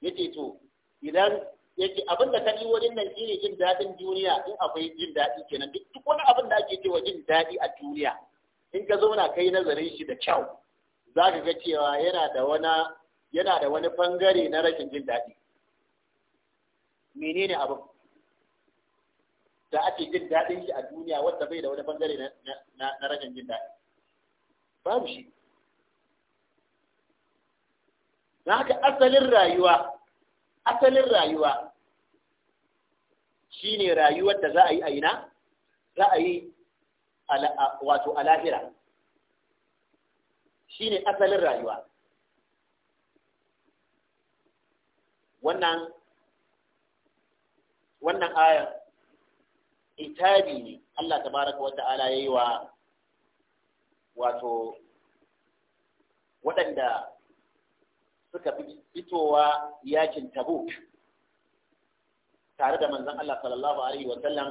yace to idan yake abin da ka yi wajen nan shine jin daɗin duniya in akwai jin daɗi kenan duk wani abin da ake cewa jin daɗi a duniya in ka zauna kai nazarin shi da kyau za ka ga cewa yana da wani yana da wani bangare na rashin jin daɗi menene abin da ake jin daɗin shi a duniya wanda bai da wani bangare na rashin jin daɗi babu shi na haka asalin rayuwa asalin rayuwa shine rayuwar da za a yi a ina za a yi wato a lahira shine asalin rayuwa wannan wannan aya itabi ne Allah tabaraka wa ta'ala yayi wa wato waɗanda suka fitowa yakin tabuk tare da manzon Allah sallallahu alaihi wa sallam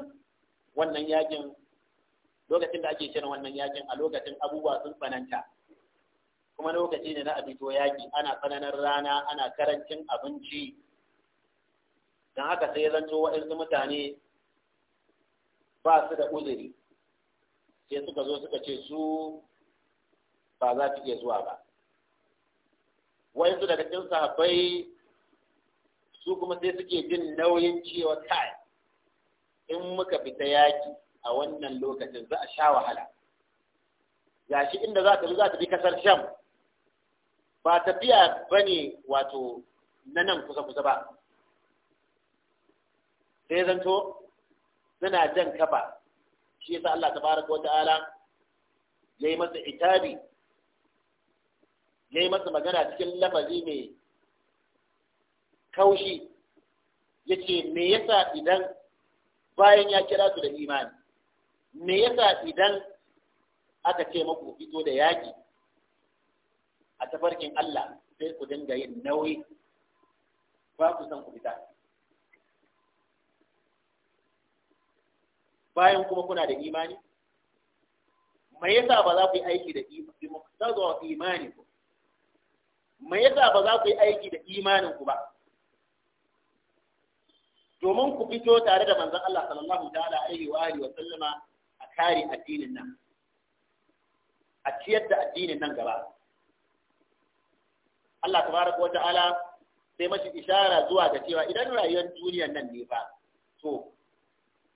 wannan yakin lokacin da ake shirin wannan yakin a lokacin abubuwa sun tsananta kuma lokaci ne na abito yaƙi ana tsananin rana ana karancin abinci don haka sai zanto waɗansu mutane ba su da uzuri sai suka zo suka ce su ba za su iya zuwa ba su daga cikin sahabbai su kuma sai suke jin nauyin cewa kai in muka fita yaƙi a wannan lokacin za a sha wahala gashi inda za ta zo za ta bi kasar sham ba tafiya ba ne wato na nan kusa-kusa ba sai zanto suna jan kafa shi yasa Allah fara kowace ala ya yi masa itabi ya yi masa magana cikin lafazi mai kaushi ya ce me yasa idan bayan ya kira su da imani me yasa idan aka ce maku fito da yaki? a tafarkin Allah sai ku dinga yin nauyi ba ku san ku fita bayan kuma kuna da imani me yasa ba za ku yi aiki da imani ku mai yasa ba za ku yi aiki da imanin ku ba domin ku fito tare da manzon Allah sallallahu ta'ala alaihi wa alihi wa sallama a kare addinin nan a ciyar da addinin nan gaba Allah tabaraka wa ta'ala sai mashi isharar zuwa ga cewa idan rayuwar duniyar nan ne fa to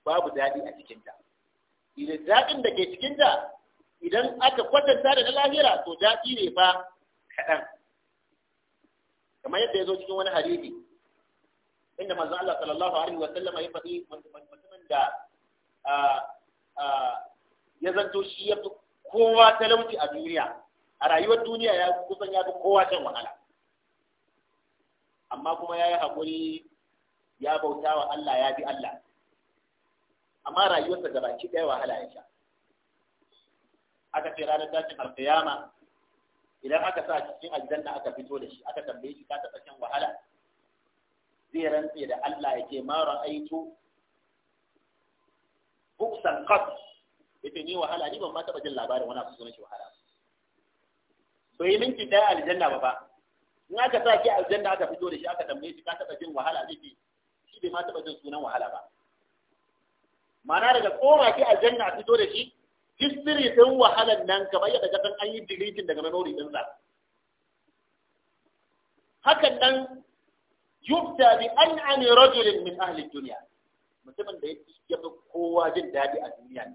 babu daɗi a cikinta idan daɗin da ke cikinta idan aka kwatanta da na lahira to daɗi ne fa kaɗan kamar yadda ya zo cikin wani hadisi inda manzo Allah sallallahu alaihi wa sallam ya faɗi mutumin da ya zanto shi ya fi kowa talauci a duniya a rayuwar duniya ya kusan ya fi kowa shan wahala amma kuma ya yi haƙuri ya bauta wa Allah ya bi Allah amma rayuwarsa da baki ɗaya wahala ya sha aka ce ranar tashin alƙiyama idan aka sa cikin aljanna aka fito da shi aka tambaye shi ka taɓa shan wahala zai rantse da Allah yake ma ra'aitu buksan kaf yake ni wahala ni ban ma taɓa jin labarin wani abu sunan shi wahala bai minti ɗaya aljanna ba ba in aka sa shi aljanna aka fito da shi aka tambaye shi ka taba jin wahala zai shi bai ma taba jin sunan wahala ba ma'ana daga koma shi aljanna a fito da shi history din wahalan nan bayyana yadda kasan an yi deleting daga memory din sa hakan nan yubta bi an rajul min ahli dunya mutumin da ya fi kowa jin daɗi a duniya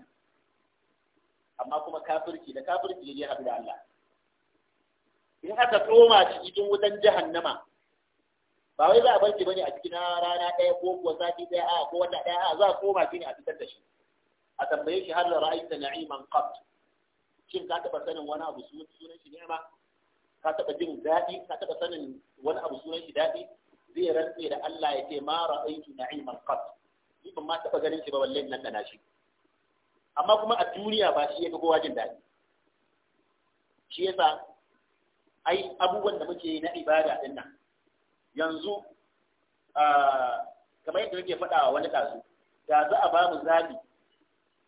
amma kuma kafirci da kafirci ya haɗu da Allah in aka tsoma shi cikin wutan jahannama ba wai za a barki bane a cikin rana ɗaya ko kuwa sati ɗaya a ko wata ɗaya a za a koma shi ne a fitar da shi a tambaye shi har ra'aita na'iman qat shin ka taɓa sanin wani abu sunan shi ni'ima ka taɓa jin daɗi ka taɓa sanin wani abu sunan shi daɗi zai rantse da Allah ya ce ma ra'aitu na'iman qat ni ban ma taɓa ganin shi ba wallahi nan da shi amma kuma a duniya ba shi ya fi kowa jin daɗi shi yasa ai abubuwan da muke na ibada din nan yanzu kamar yadda nake faɗa wa wani ɗazu da za a ba mu zabi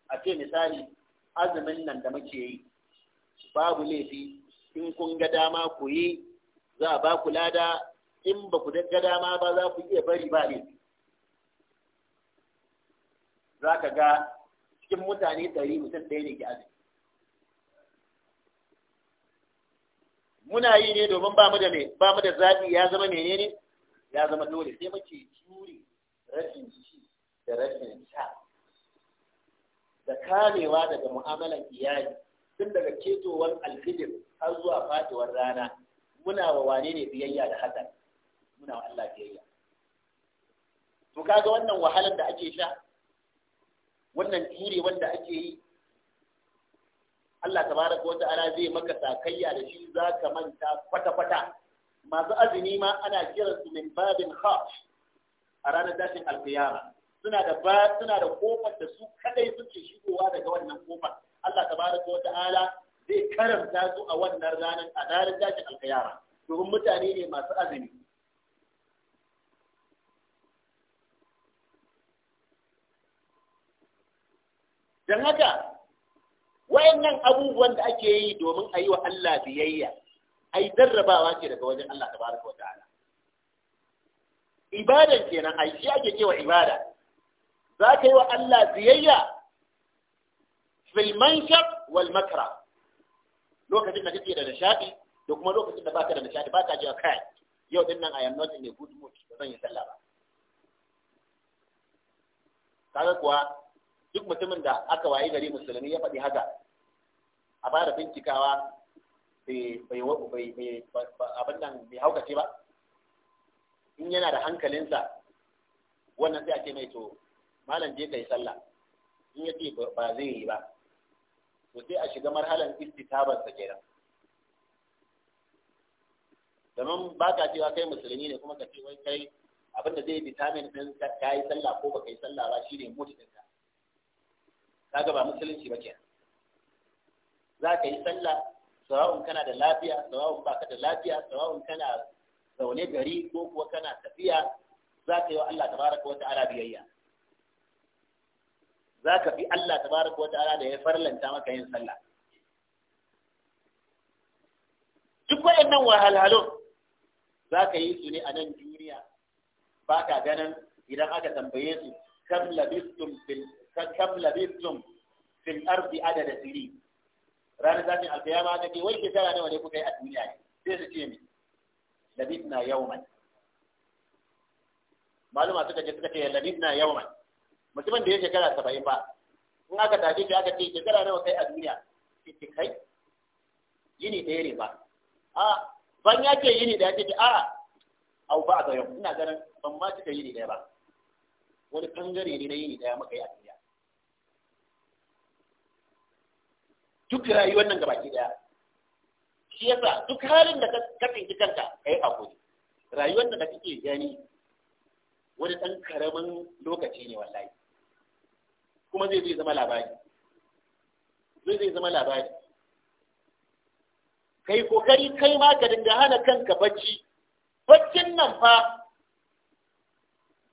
a ce misali azumin nan da muke yi babu laifi in kun ga dama ku yi za a ba ku lada in ba ku ga dama ba za ku iya bari ba laifi za ka ga cikin mutane ɗari mutum ɗaya ne ke azumi muna yi ne domin ba mu da me ba mu da zaɓi ya zama menene ya zama dole sai muke jure rashin ci da rashin sha da kamewa daga mu'amalan iyali tun daga ketowar alfijir har zuwa fadiwar rana muna wa wane ne biyayya da hakan muna wa Allah biyayya to kaga wannan wahalar da ake sha wannan jure wanda ake yi Allah tabaraka wa zai maka sakayya da shi za ka manta kwata-kwata masu azumi ma ana kiransu min babin khash a ranar tashin alkiyama suna da ba suna da kofar da su kadai suke shigowa daga wannan kofar Allah tabaraka wa ala zai karanta su a wannan ranar a ranar tashin alkiyama domin mutane ne masu azumi dan haka wayannan abubuwan da ake yi domin a yi wa Allah biyayya ai darrabawa ce daga wajen Allah tabaraka wa ta'ala ibadan kenan ai shi ake cewa ibada za ka yi wa Allah biyayya fil manshab wal makra lokacin da kake da nishadi da kuma lokacin da baka da nishadi baka ji kai yau din nan I am not in a good mood ba zan yi sallah ba kaga kuwa duk mutumin da aka waye gari musulmi ya faɗi haka a fara bincikawa bai abin nan bai haukace ba in yana da hankalinsa wannan sai a ce mai to malam je kai sallah in ya ce ba zai yi ba to sai a shiga marhalan istitabarsa kenan domin ba ka cewa kai musulmi ne kuma ka ce wai kai abinda zai determine din ka yi sallah ko ba ka yi sallah ba shine ne din ka kaga ba musulunci ba ke. za ka yi sallah sawa'un kana da lafiya sawa'un baka da lafiya sawa'un kana zaune gari ko kuwa kana tafiya za ka yi wa Allah tabaraka wa ta'ala biyayya za ka fi Allah tabaraka wa ta'ala da ya farlanta maka yin sallah duk wayannan wahalhalun za ka yi su ne a nan duniya ba ka ganin idan aka tambaye su kam labistum fil kam labistum fil ardi adada siri ranar zafin alkiyama ta ce wai shekara nawa ne kuka yi a duniya ne sai su ce mi labisna yawman maluma suka ce suka ce labisna yawman mutumin da ya shekara saba'in ba in aka tafi shi aka ce shekara nawa kai a duniya ce kai yini ɗaya ne ba a ban ya ce yini ɗaya ce a au ba a yau ina ganin ban ma cika yini ɗaya ba wani kangare ne na yini ɗaya muka yi a duniya duk rayuwar nan gabaki daya shi yasa duk halin da ka tsinci kanka kai hakuri rayuwar da kake gani wani ɗan karamin lokaci ne wallahi kuma zai zai zama labari zai zai zama labari kai kokari kai ma ka dinga hana kanka bacci baccin nan fa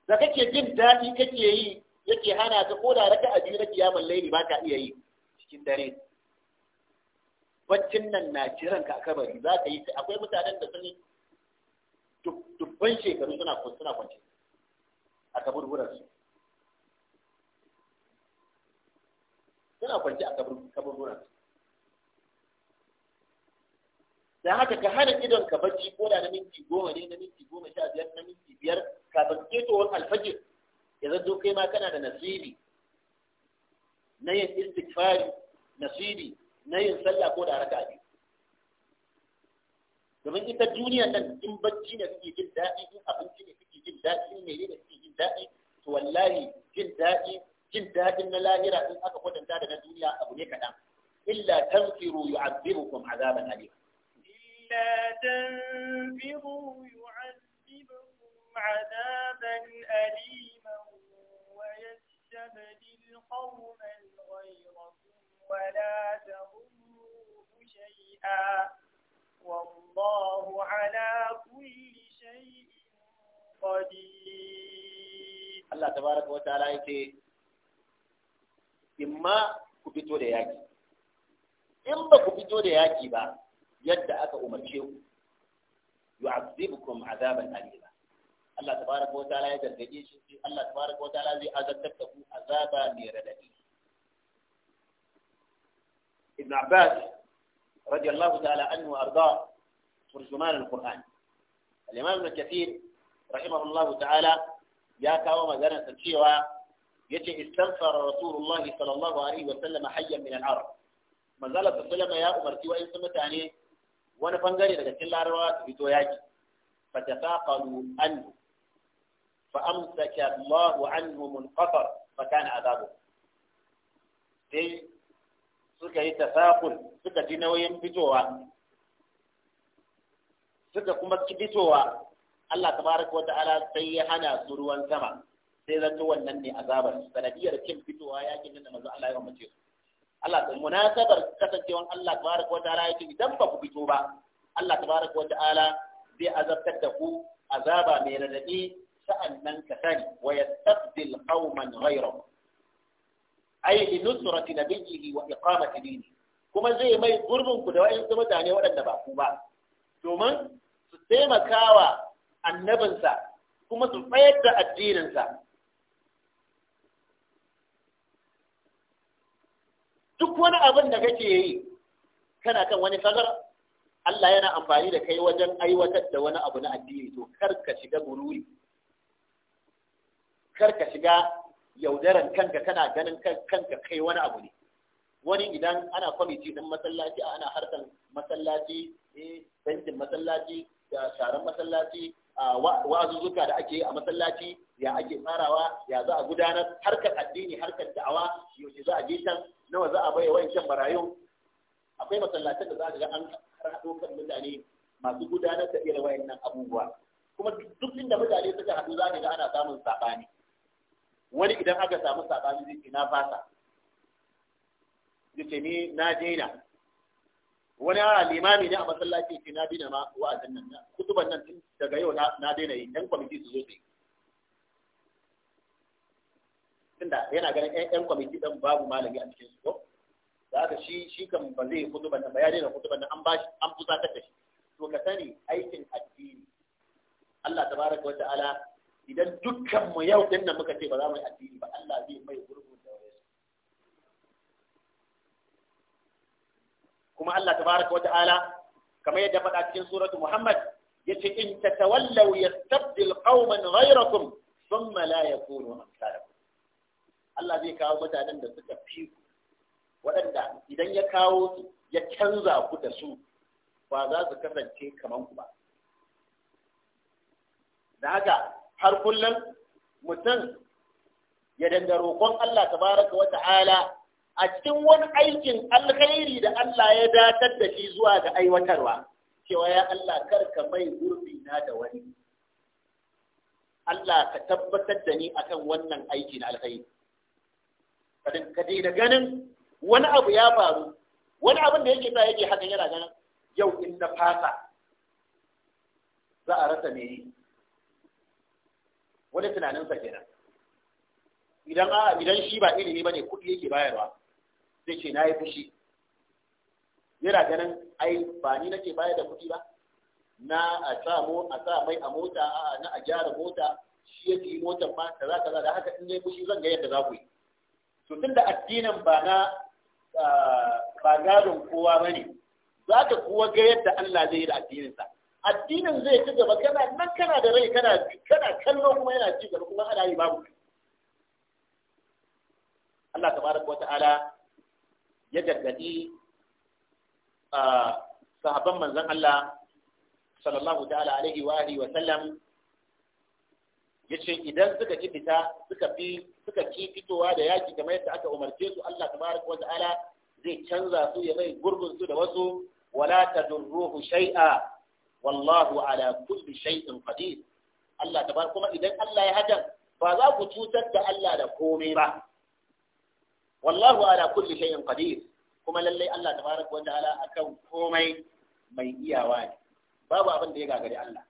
da kake jin daɗi kake yi yake hana ka ko da raka biyu na kiyamul laili ba ka iya yi cikin dare baccin nan na jiran ka a kabari za ka yi ta akwai mutanen da sun dubban shekaru suna suna kwance a kaburburan su suna kwance a kaburburan su da haka ka hana idon ka bacci ko da na minti goma ne na minti goma sha biyar na minti biyar kafin ketowar alfajir ya zanto kai ma kana da nasibi na yin istikfari nasibi na yin sallah ko da raka biyu domin ita duniya nan in bacci ne suke jin daɗi in abinci ne suke jin daɗi in mene ne suke jin daɗi to wallahi jin daɗi jin daɗin na lahira in aka kwatanta da na duniya abu ne kaɗan illa tanfiru yu'azzibukum azaban alim illa tanfiru yu'azzibukum azaban alim wa yastabdil qauman ghayrakum ولا تضروه شيئا والله على كل شيء قدير الله تبارك وتعالى يتي إما كبتو fito إما كبتو in با ku fito da yaki ba yadda aka umarce ku yu'azibukum azaban alima Allah tabaraka wa ta'ala ya gargaje shi Allah tabaraka wa ta'ala zai azabta ku azaba mai radadi ابن عباس رضي الله تعالى عنه وأرضاه ترجمان القرآن الإمام ابن كثير رحمه الله تعالى يا كاو مغانا تنشيوا يتي استنفر رسول الله صلى الله عليه وسلم حيا من العرب ما زال تسلم يا أمرتي وإن سمتاني وانا فنغري لك كل عروا تبتو ياجي فتثاقلوا عنه فأمسك الله عنهم القطر فكان عذابه suka yi tasakul suka ji nauyin fitowa suka kuma ki fitowa Allah tabaraka wa ta'ala sai ya hana su ruwan sama sai zato wannan ne azabar sanadiyar kin fitowa yakin nan da manzo Allah ya mace su Allah da munasabar kasancewan Allah tabaraka wa ta'ala yake idan ba ku fito ba Allah tabaraka wa ta'ala zai azabtar da ku azaba mai radadi sa'annan ka sani wa yastabdil qauman ghayrakum ai bi nusrati nabiyhi wa iqamati dinihi kuma zai mai gurbin ku da su mutane waɗanda ba ku ba domin su taimakawa annabinsa kuma su tsayar da addininsa duk wani abin da kake yi kana kan wani fagar Allah yana amfani da kai wajen aiwatar da wani abu na addini to kar ka shiga gururi kar ka shiga yaudaran kanka kana ganin kanka kai wani abu ne wani idan ana kwamiti din masallaci ana harkan masallaci bankin eh, masallaci da sharan masallaci wa'azuzzuka da ake a masallaci ya ake tsarawa ya za a gudanar harkar addini harkar da'awa yaushe za a je can nawa za a bai wancan barayu akwai masallacin da za ka ga an haɗo kan mutane masu gudanar da irin wayannan abubuwa kuma duk inda mutane suka haɗu za ka ga ana samun saɓani wani idan aka samu sabani zai ce na fasa zai ce ni na daina wani yara limami ne a masallaci ce na daina ma wa'azin nan na kutuban nan daga yau na daina yi ɗan kwamiti su zo su yi tunda yana ganin ɗan kwamiti ɗan babu malami a cikin su ko da aka shi shi kan ba zai yi kutuban nan ba ya daina kutuban nan an ba shi an fusatar ta shi to ka sani aikin addini Allah tabaraka wa ta'ala idan dukkan mu yau din nan muka ce ba za mu yi addini ba Allah zai mai da kuma Allah tabaraka wa ta'ala kamar yadda faɗa cikin suratu Muhammad yace in tatawallaw yastabdil qauman ghayrakum thumma la yakunu amsalakum Allah zai kawo mutanen da suka fi ku waɗanda idan ya kawo su ya canza ku da su ba za su kasance kaman ku ba da haka har kullum mutum ya danga roƙon Allah tabaraka wata'ala a cikin wani aikin alkhairi da Allah ya datar da shi zuwa ga aiwatarwa cewa ya Allah kar ka mai gurbi na da wani Allah ka tabbatar da ni akan wannan aikin alkhairi kadin ka da ganin wani abu ya faru wani abin da yake sa yake hakan yana ganin yau in na fasa za a rasa me wani tunaninsa kenan idan a idan shi ba ilimi bane kuɗi yake bayarwa zai ce na yi fushi yana ganin ai ba ni nake bayar da kuɗi ba na a sa a sa mai a mota a na a gyara mota shi ya yi motar ma kaza kaza da haka in yi fushi zan ga yadda za ku yi to tunda addinin ba na ba gadon kowa bane za ka kuwa ga yadda Allah zai yi da sa addinin zai ci gaba kana nan kana da rai kana kana kallo kuma yana ci gaba kuma ana yi babu Allah tabaraka wata'ala ya gargadi a sahabban manzon Allah sallallahu ta'ala alaihi wa alihi wa sallam yace idan suka ki fita suka fi suka ki fitowa da yaki kamar yadda aka umarce su Allah tabaraka wata'ala zai canza su ya mai gurbin su da wasu wala tadurruhu shay'a wallahu ala kulli shay'in qadir Allah ta bar kuma idan Allah ya hadan ba za ku cutar da Allah da komai ba wallahu ala kulli shay'in qadir kuma lallai Allah tabaraka wa ta'ala akan komai mai iyawa ne babu abin da ya gagari Allah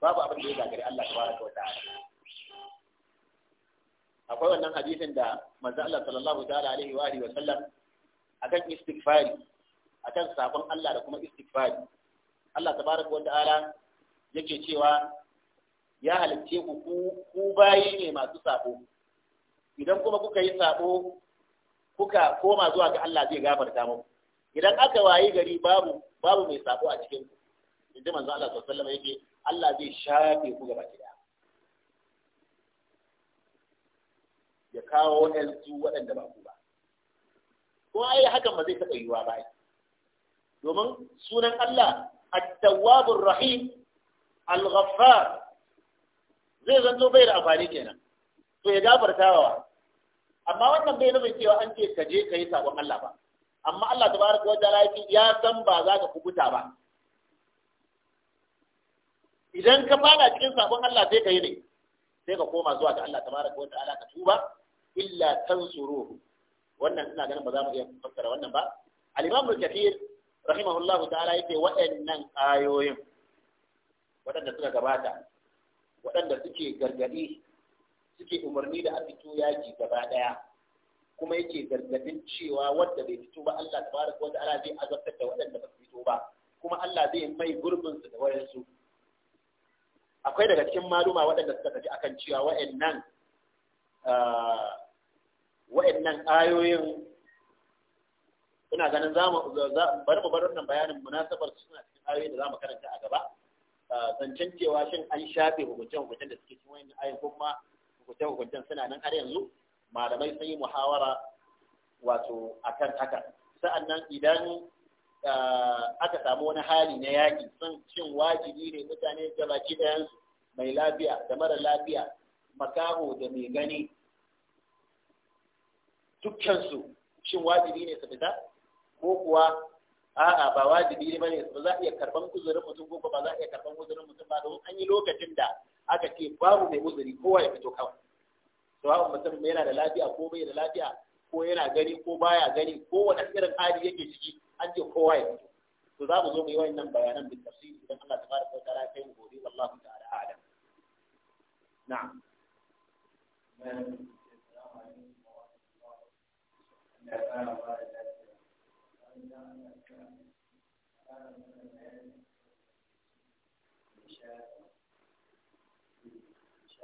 babu abin da ya gagari Allah tabaraka wa ta'ala akwai wannan hadisin da manzo Allah sallallahu ta'ala alaihi wa alihi wa sallam akan istighfari akan sabon Allah da kuma istighfari Allah tabaraka ala yake cewa ya halicce ku ku bayi ne masu sabo idan kuma kuka yi sabo kuka koma zuwa ga Allah zai gafarta muku idan aka wayi gari babu babu mai sabo a cikin ku inda manzo Allah sallallahu alaihi wasallam Allah zai shafe ku gaba ɗaya. ya kawo su waɗanda ba ku ba ko ai hakan ba zai taɓa yiwa ba domin sunan Allah التواب الرحيم الغفار zai zanto bai da كينا kenan to ya gafartawa amma wannan bai nufin cewa an ce ka je ka yi sabon Allah ba amma Allah tabaraka wa ya san ba za ka kubuta ba idan ka fada cikin sabon Allah sai ka yi ne sai ka koma zuwa wannan ina ganin ba za mu iya fassara wannan ba al-imam al-kathir rahimahullahu ta'ala yake waɗannan ayoyin waɗanda suka gabata waɗanda suke gargaɗi suke umarni da a fito yaji gaba ɗaya kuma yake gargadin cewa wanda bai fito ba Allah tabaraka wa ta'ala zai azabtar da waɗanda ba su fito ba kuma Allah zai mai gurbin su da su akwai daga cikin maluma waɗanda suka tafi akan cewa waɗannan ah, waɗannan ayoyin ina ganin za mu bari mu bar wannan bayanin munasabar suna cikin ayoyi da za mu karanta a gaba ah, zancen cewa shin an shafe hukunce-hukuncen da suke cikin wani ayin kuma hukunce-hukuncen suna nan har yanzu malamai sun yi muhawara wato akan haka sa'annan idan ah, aka samu wani hali na yaƙi sun cin wajibi ne mutane baki ɗayansu mai lafiya da mara lafiya makaho da mai gani dukkansu cin wajibi ne su fita ko kuwa a'a ba wajibi ne bane ba za a iya karban uzurin mutum ko ba za a iya karban uzurin mutum ba don an yi lokacin da aka ce babu mai uzuri kowa ya fito kawai To sawa'un mutum yana da lafiya ko bai da lafiya ko yana gani ko baya gani ko wani irin hali yake ciki an ce kowa ya fito to za mu zo mu yi wannan bayanan bin tafsiri idan Allah fara kai ta'ala kai mu gobe wallahi ta'ala a'lam na'am Thank you.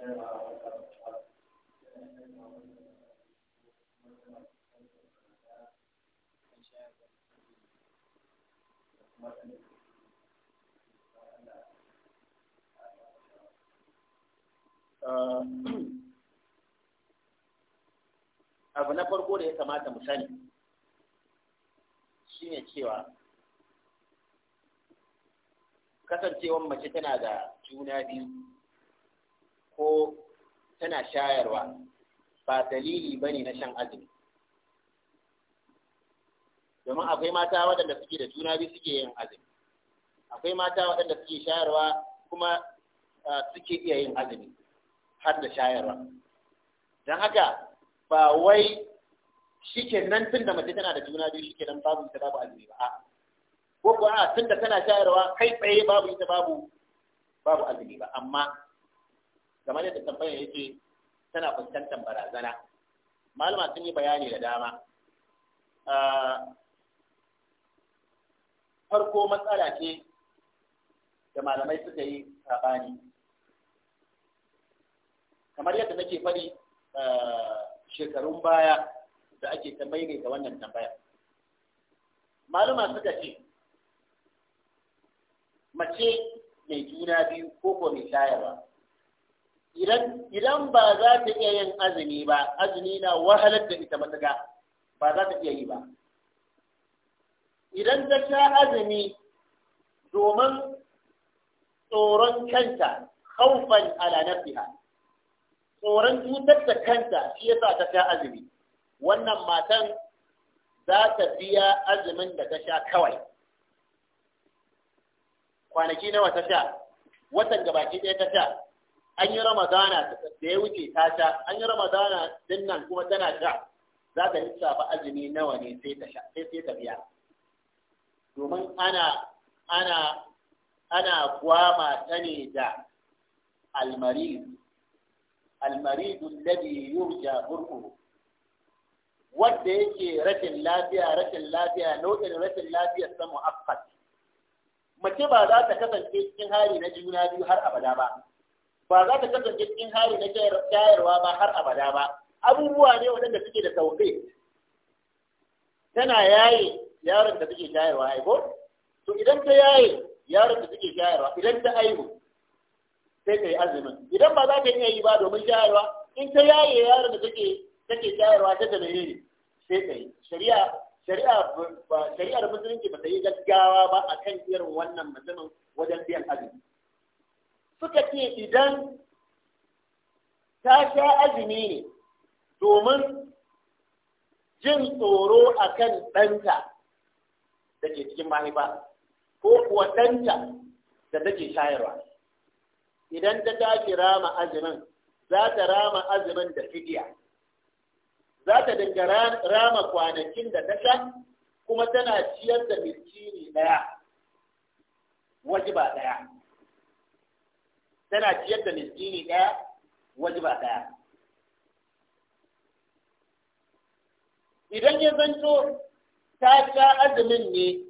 Ah, abu na farko da ya kamata mu sani shi ne cewa kasancewan mace tana da juna biyu ko tana shayarwa ba dalili ba ne na shan azumi domin akwai mata waɗanda suke da juna biyu suke yin azumi akwai mata waɗanda suke shayarwa kuma suke iya yin azumi har da shayarwa don haka ba wai shike nan tun da mace tana da juna biyu shike nan babu ita babu azumi ba ko kuwa tun da tana shayarwa kai tsaye babu ita babu babu azumi ba amma kamar yadda tambayar yake tana fuskantar barazana malama sun yi bayani da dama farko matsala ce da malamai suka yi sabani kamar yadda nake fari shekarun baya da ake ne ga wannan tambaya malama suka ce mace mai juna biyu ko ko mai shayarwa idan ba za ta iya yin azumi ba azumi na wahalar da ita matuƙa ba za ta iya yi ba idan ta sha azumi domin tsoron kanta haufan ala nafsiha tsoron cutar da kanta shi ya sa ta sha azumi wannan matan za ta biya azumin da ta sha kawai kwanaki nawa ta sha watan gabaki ɗaya ta sha an yi ramadana da ya wuce ta sha an yi ramadana din nan kuma tana sha za ta lissafa azumi nawa ne sai ta sha sai sai ta biya domin ana ana ana gwama ta ne da almarid almarid alladhi yurja burku wanda yake rashin lafiya rashin lafiya nau'in rashin lafiyar sa mu'akkad mace ba za ta kasance cikin hali na juna biyu har abada ba ba za ta kasance cikin hari na shayarwa ba har abada ba abubuwa ne waɗanda suke da sauƙi tana yaye yaron da suke shayarwa aiko to idan ta yaye yaron da suke shayarwa idan ta aihu sai ta yi azumin idan ba za ta iya yi ba domin shayarwa in ta yaye yaron da suke take shayarwa ta da menene sai ta yi shari'a shari'a ba shari'ar musulunci ba ta yi gaggawa ba akan irin wannan mutumin wajen biyan azumi suka ce idan ta sha azumi ne domin jin tsoro a kan ɗanta da ke cikin mahaifa ko kuwa ɗanta da take shayarwa idan ta tashi rama azumin za ta rama azumin da fidiya za ta dinga rama kwanakin da ta sha kuma tana ciyar da ne ɗaya wajiba ɗaya tana ciyar da miskini ɗaya wajiba ɗaya idan ya zanto ta sha azumin ne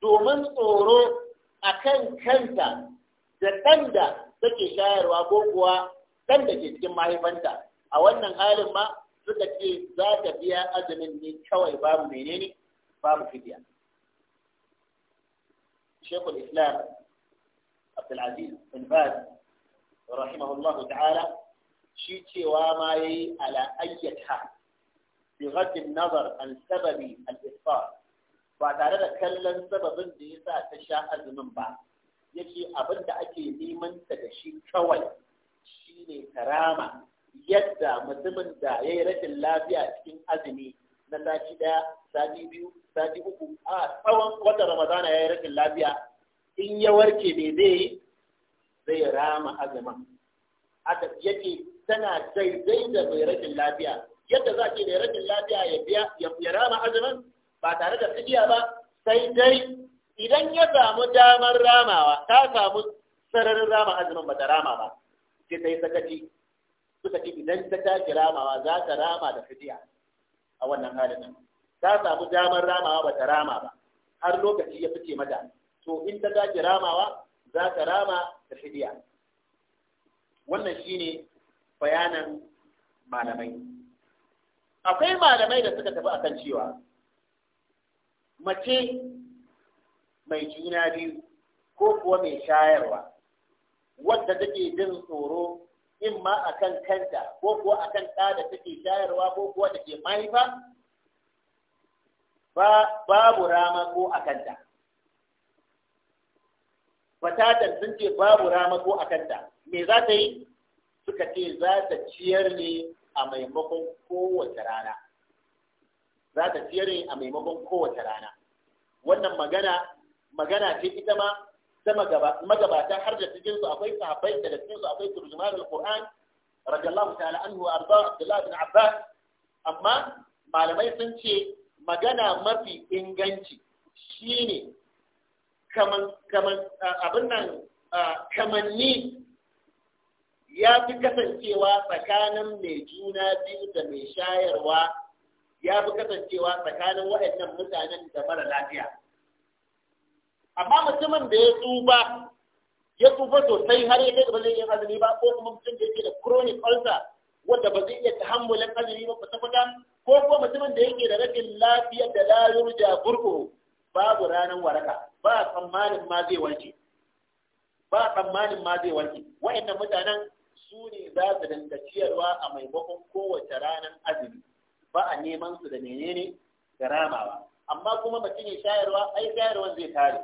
domin tsoro a kan kanta da ɗan da take shayarwa ko kuwa ɗan da ke cikin mahaifanta a wannan halin ma suka ce za ta biya azumin ne kawai babu menene babu fidiya shekul islam عبد العزيز بن باز رحمه الله تعالى شي cewa ma yayi ala ayyata بغض النظر عن سبب الإفطار فتعالى تكلم سبب ديسا تشاء من بعض yake abin da ake neman ta da shi kawai shine karama yadda mutumin da ya yi rashin lafiya cikin azumi na sati daya sati biyu sati uku a tsawon wata ramadana ya yi rashin lafiya in ya warke bai zai zai rama azumin haka yake tana daidai da mai rashin lafiya yadda za ke mai rashin lafiya ya biya ya rama azumin ba tare da fidiya ba sai dai idan ya samu damar ramawa ta samu sararin rama azumin ba ta rama ba sai ta sakaci suka ce idan ta tashi ramawa za ta rama da fidiya a wannan halin nan, ta samu damar ramawa ba ta rama ba har lokaci ya fice mata to in ta dace ramawa za ta rama da fidiya wannan shi ne bayanan malamai akwai malamai da suka tafi akan cewa mace mai juna biyu ko kuwa mai shayarwa wadda take jin tsoro in ma a kan kanta ko kuwa a kan ɗa da take shayarwa ko kuwa da ke mahaifa babu rama ko a kanta fatatar sun ce babu ramako a kanta me za ta yi suka ce za ta ciyar ne a maimakon kowace rana za ta ciyar ne a maimakon kowace rana wannan magana magana ce ita ma ta magabata har da cikin su akwai sahabbai da cikin su akwai turjuman alquran radiyallahu ta'ala anhu wa arda abdullah bin abbas amma malamai sun ce magana mafi inganci shine abin nan kamanni ya fi kasancewa tsakanin mai juna biyu da mai shayarwa ya fi kasancewa tsakanin waɗannan mutanen da mara lafiya amma mutumin da ya tsufa ya tsufa sosai har ya kai ba zai yi azumi ba ko kuma mutum da yake da chronic ulcer wanda ba zai iya tahammulin azumi ba kwata ko kuma mutumin da yake da rashin lafiya da la yurja burko babu ranar waraka ba tsammanin ma zai warke ba tsammanin ma zai warke wa'annan mutanen su ne za su dinga ciyarwa a maimakon kowace ranar azumi ba a neman su da menene da ramawa amma kuma mutum ya shayarwa ai shayarwan zai kare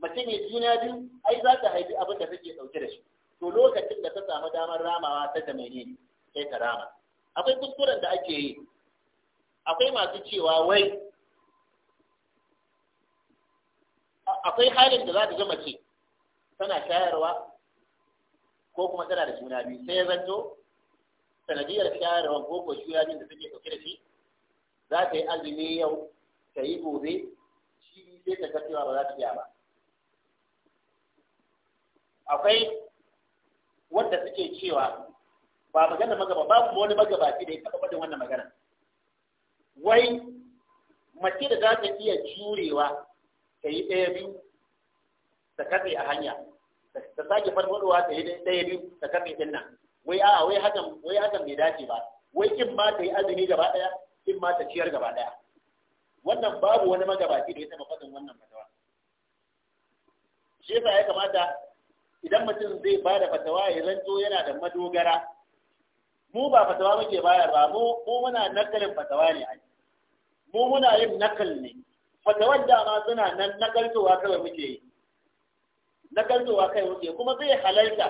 mutum ya juna biyu ai za ta haifi abin da take dauke da shi to lokacin da ta samu damar ramawa ta da menene sai ta rama akwai kuskuren da ake yi akwai masu cewa wai akwai halin da za ta ga mace tana shayarwa ko kuma tana da juna biyu sai ya zanto sanadiyar shayarwa ko ko juna biyu da take ɗauke da shi za ta yi azumi yau ta yi gobe shi sai ta ga ba za ta iya ba akwai wanda suke cewa ba magana magaba babu wani magabaci da ya taɓa faɗin wannan magana wai mace da za ta iya jurewa ka yi ɗaya biyu ta katse a hanya ta sake farfadowa ta yi ɗaya biyu ta katse ɗin nan wai a'a wai hakan wai hakan bai dace ba wai in ma ta yi azumi gaba ɗaya in ma ta ciyar gaba ɗaya wannan babu wani magabaci da ya taɓa faɗin wannan fatawa shi yasa ya kamata idan mutum zai ba da fatawa ya zanto yana da madogara mu ba fatawa muke bayar ba mu muna nakalin fatawa ne ai mu muna yin nakal ne fatawan dama suna nan na kawai muke yi kai muke kuma zai halarta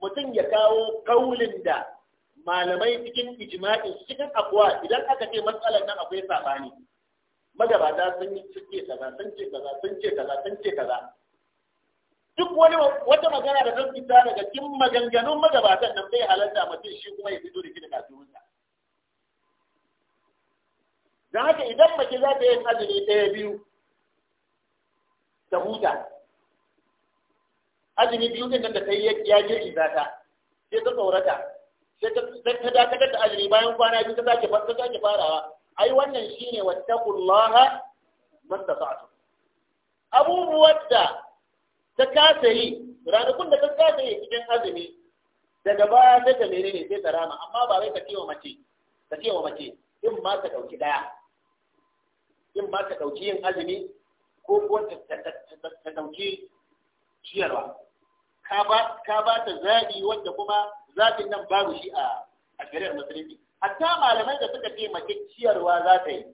mutum ya kawo kaulin da malamai cikin ijma'in cikin akwa idan aka ce matsalar nan akwai sabani magabata sun yi ce kaza sun ce kaza sun ce kaza sun ce kaza duk wani wata magana da zan fita daga cikin maganganun magabatan nan bai halarta mutum shi kuma ya fito da shi daga don haka idan mace za ta yi azumi ɗaya biyu ta huta azumi biyu din nan da ta yi ya je za ta sai ta tsorata sai ta dakatar da azumi bayan kwana biyu ta sake farawa ai wannan shine wattaqullaha mastata'tu abubuwan da ta kasa yi ranakun da ta kasa yi cikin azumi daga baya sai ta ne sai ta rama amma ba wai ta ce wa mace ta ce wa mace in ma ta ɗauki ɗaya in ba ta ɗauki yin azumi ko kuwa ta ɗauki ciyarwa ka ba ta zaɓi wanda kuma zaɓin nan babu shi a shari'ar musulunci hatta malamai da suka ce mace ciyarwa za ta yi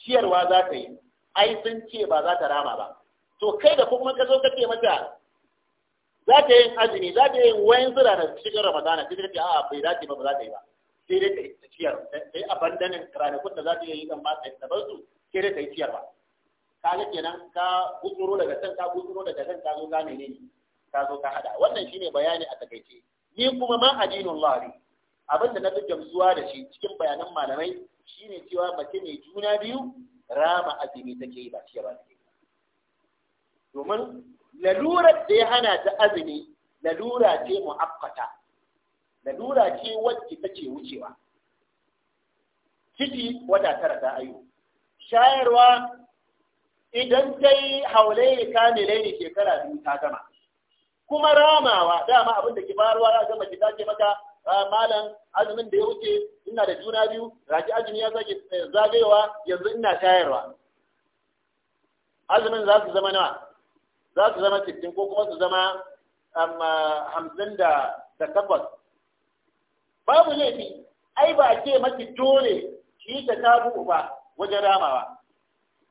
ciyarwa za ta yi ai sun ce ba za ta rama ba to kai da kuma ka zo ka ce mata za ta yin azumi za ta yi wayan zura na cikin ramadana sai ka ce a'a bai dace ba ba za ta yi ba sai dai ka yi ciyar sai yi abandanin ranakun da za ta yi kan mata da bar su sai dai ka yi ba. ka ga kenan ka gutsuro daga can ka gutsuro daga can ka zo gane ne ka zo ka hada wannan shine bayani a takaice ni kuma ma addinin lari abin da na fi gamsuwa da shi cikin bayanan malamai shine cewa mace mai juna biyu rama azumi take yi ba ciyarwa take domin lalurar da ya hana ta azumi lalura ce mu'akkata lalura ce wacce take wucewa ciki wata tara ta ayu shayarwa idan ya kame Laini shekara biyu ta gama kuma ramawa dama abin da ki faruwa za gama ki maka malam azumin da ya wuce ina da juna biyu Raki azumi ya zage eh, zagayewa yanzu ina shayarwa azumin za su zama nawa za su zama 60 ko kuma su zama um, ah, hamsin da takwas babu laifi ai ba ce maki dole ki yi ta tabu ba wajen ramawa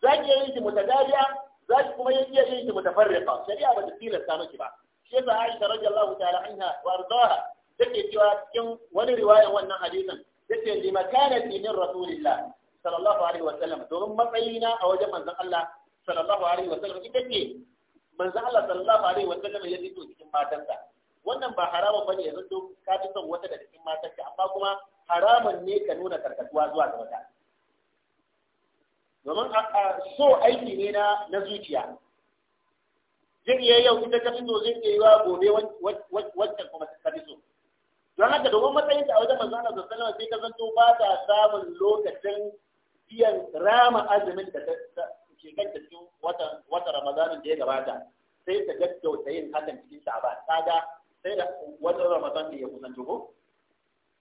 za ki yi shi mutadariya za ki kuma iya yin ki mutafarriqa shari'a ba ta tilasta maki ba shi yasa Aisha radiyallahu ta'ala anha wa ardaha take cewa cikin wani riwayan wannan hadisin take li makanati min rasulillah sallallahu alaihi wa sallam domin matsayina a wajen manzon Allah sallallahu alaihi wa sallam ita ce manzon Allah sallallahu alaihi wa sallam ya fito cikin matansa wannan ba haramun bane yanzu to ka fi son wata daga cikin ka amma kuma haramun ne ka nuna karkatuwa zuwa ga wata domin so aiki ne na na zuciya zai iya yau ita ka fito zai iya yiwa gobe wancan kuma ka fi so don haka domin matsayin ta a wajen manzo da sallallahu sai ka zanto ba ta samun lokacin biyan rama azumin da ke kan cikin wata Ramadanin da ya gabata sai ta gaggauta yin hakan cikin Sha'ban ga sai da wata ramadan da ya kusanci ko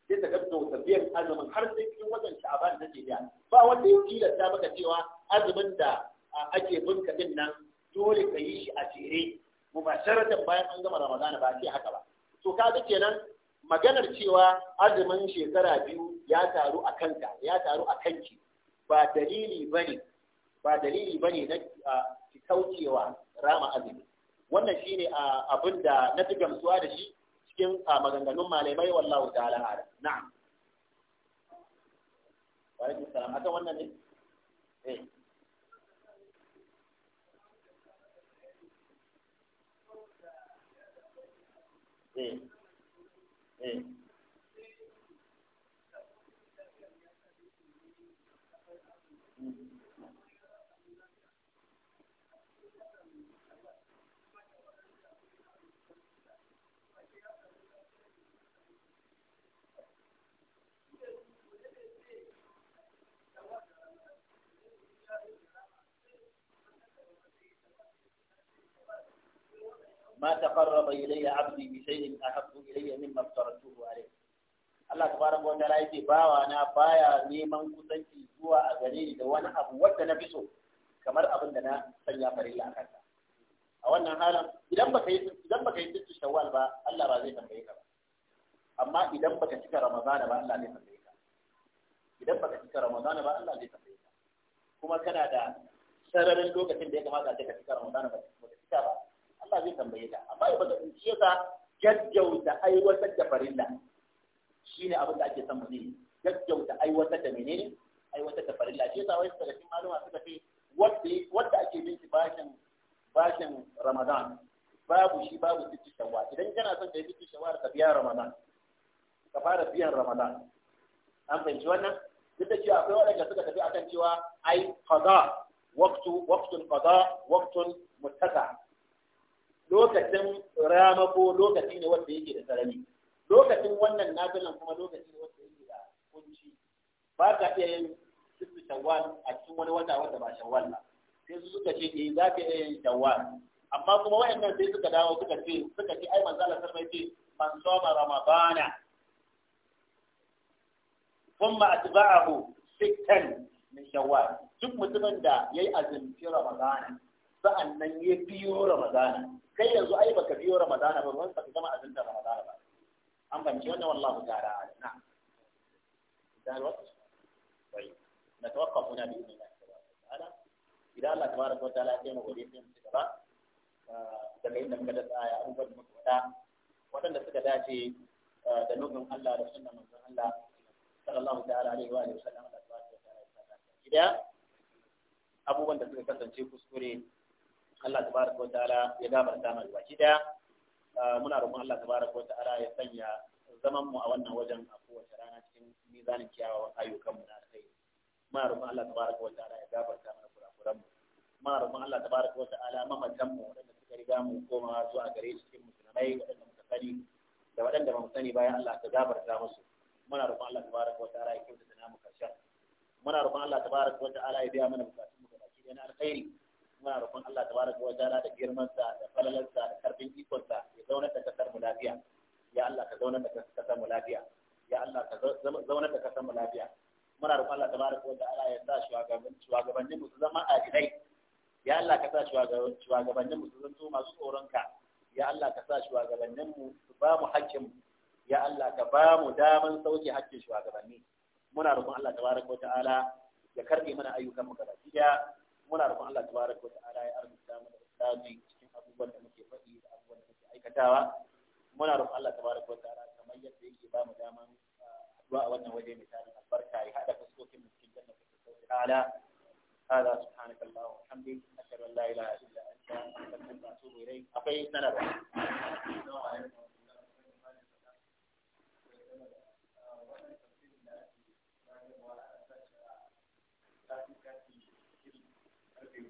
sai ta gaskata biyan azumin har sai cikin watan sha'aban na jiya ba wanda ya tilasta maka cewa azumin da ake binka din nan dole ka yi shi a jere mubasharatan bayan an gama ramadana ba ce haka ba to kaga kenan maganar cewa azumin shekara biyu ya taru a kanka ya taru a kanki ba dalili bane ba dalili bane na ki kaucewa rama azumi wannan shi ne ah, abin da na fi gamsuwa da shi cikin ah, maganganun malamai wallahu ta'ala ala na'am wa alaikum salam haka wannan ne eh eh eh ما تقرب إلي عبدي بشيء أحب إلي مما افترضته عليه Allah tabaraka wa ta'ala yake bawa na baya neman kusanci zuwa a gare ni da wani abu wanda na fi so kamar abin da na sanya farilla a kansa a wannan halin idan baka yi idan baka yi sittu shawwal ba Allah ba zai tambaye ka ba amma idan baka cika ramadana ba Allah zai tambaye ka idan baka cika ramadana ba Allah zai tambaye ka kuma kana da sararin lokacin da ya kamata ka cika ramadana ba ka cika ba sa zai tambaye ta amma ya bada shi yasa gaggauta aiwatar da farilla shine abin da ake san mu ne gaggauta aiwatar da menene aiwatar da farilla shi yasa wai suka ga malama suka ce wanda wanda ake bin shi bashin bashin Ramadan babu shi babu sitti shawwal idan kana son kai yi sitti shawwal ka biya Ramadan ka fara biyan Ramadan an fahimci wannan duk da cewa akwai waɗanda suka tafi akan cewa ai qada waqtu waqtun qada waqtun muttasa lokacin rama ko lokaci ne wanda yake da sarari lokacin wannan nazalan kuma lokaci ne wanda yake da kunci ba ka iya yin sirri shawwal a cikin wani wata wanda ba shawwal ba sai su suka ce eh za ka iya yin shawwal amma kuma wayannan sai suka dawo suka ce suka ce ai manzo Allah sarmai ce man soma ramadana thumma atba'ahu sittan min shawwal duk mutumin da yayi azumi ramadana sa'an nan ya biyo ramadana kai yanzu ai baka biyo ramadana ba ban ka gama azin da ramadana ba an banci wannan wallahu ta'ala na da alwaqt tayyib natawaqqaf huna na idhnillah ta'ala idan Allah tabaraka wa ta'ala ya kai mu gode sai mu ci gaba ah, daga inda muka da aya abubuwan da muka faɗa waɗanda suka dace ah, da nufin Allah da sunnan manzon Allah sallallahu ta'ala alaihi wa alihi wa sallam Allah tabaraka wa ta'ala ya sa abubuwan da suka kasance kuskure Allah tabaraka wa ta'ala ya gafarta mana baki daya ah, muna roƙon Allah tabaraka wa ta'ala ya sanya zaman mu a wannan wajen a kowace rana cikin mizanin kiyawa ayyukan mu na kai muna roƙon Allah tabaraka wa ta'ala ya gafarta mana kurakuran mu muna roƙon Allah tabaraka wa ta'ala mamatan mu wanda suka riga mu koma zuwa gare shi cikin musulmai wanda muka sani da waɗanda ba mu sani bayan Allah ya gafarta musu muna roƙon Allah tabaraka wa ta'ala ya kyautata namu karshen muna roƙon Allah tabaraka wa ta'ala ya biya mana bukatun mu da ki da na alkhairi muna roƙon Allah tabaraka wa ta'ala da girman sa da falalar sa da karfin ikon sa ya zauna da kasar mu lafiya ya Allah ka zauna da kasar mu lafiya ya Allah ka zauna da kasar mu lafiya muna roƙon Allah tabaraka wa ta'ala ya sa shugabannin shugabannin mu su zama adilai ya Allah ka sa shugabannin mu su zanto masu tsoron ka ya Allah ka sa shugabannin mu su ba mu hakkin ya Allah ka ba mu daman sauke hakkin shugabanni muna roƙon Allah tabaraka wa ta'ala ya karbe mana ayyukan mu gaba ɗaya muna roƙon Allah tabaraka wa ta'ala ya arzuta mana da cikin abubuwan da muke faɗi da abubuwan da muke aikatawa muna roƙon Allah tabaraka wa ta'ala kamar yadda yake ba mu daman ah, haɗuwa a wannan waje mai tarin albarka ya haɗa fuskokin mu cikin ala sauki ta'ala هذا سبحانك الله وبحمدك أشهد أن لا إله إلا أنت أستغفرك وأتوب إليك akwai سنة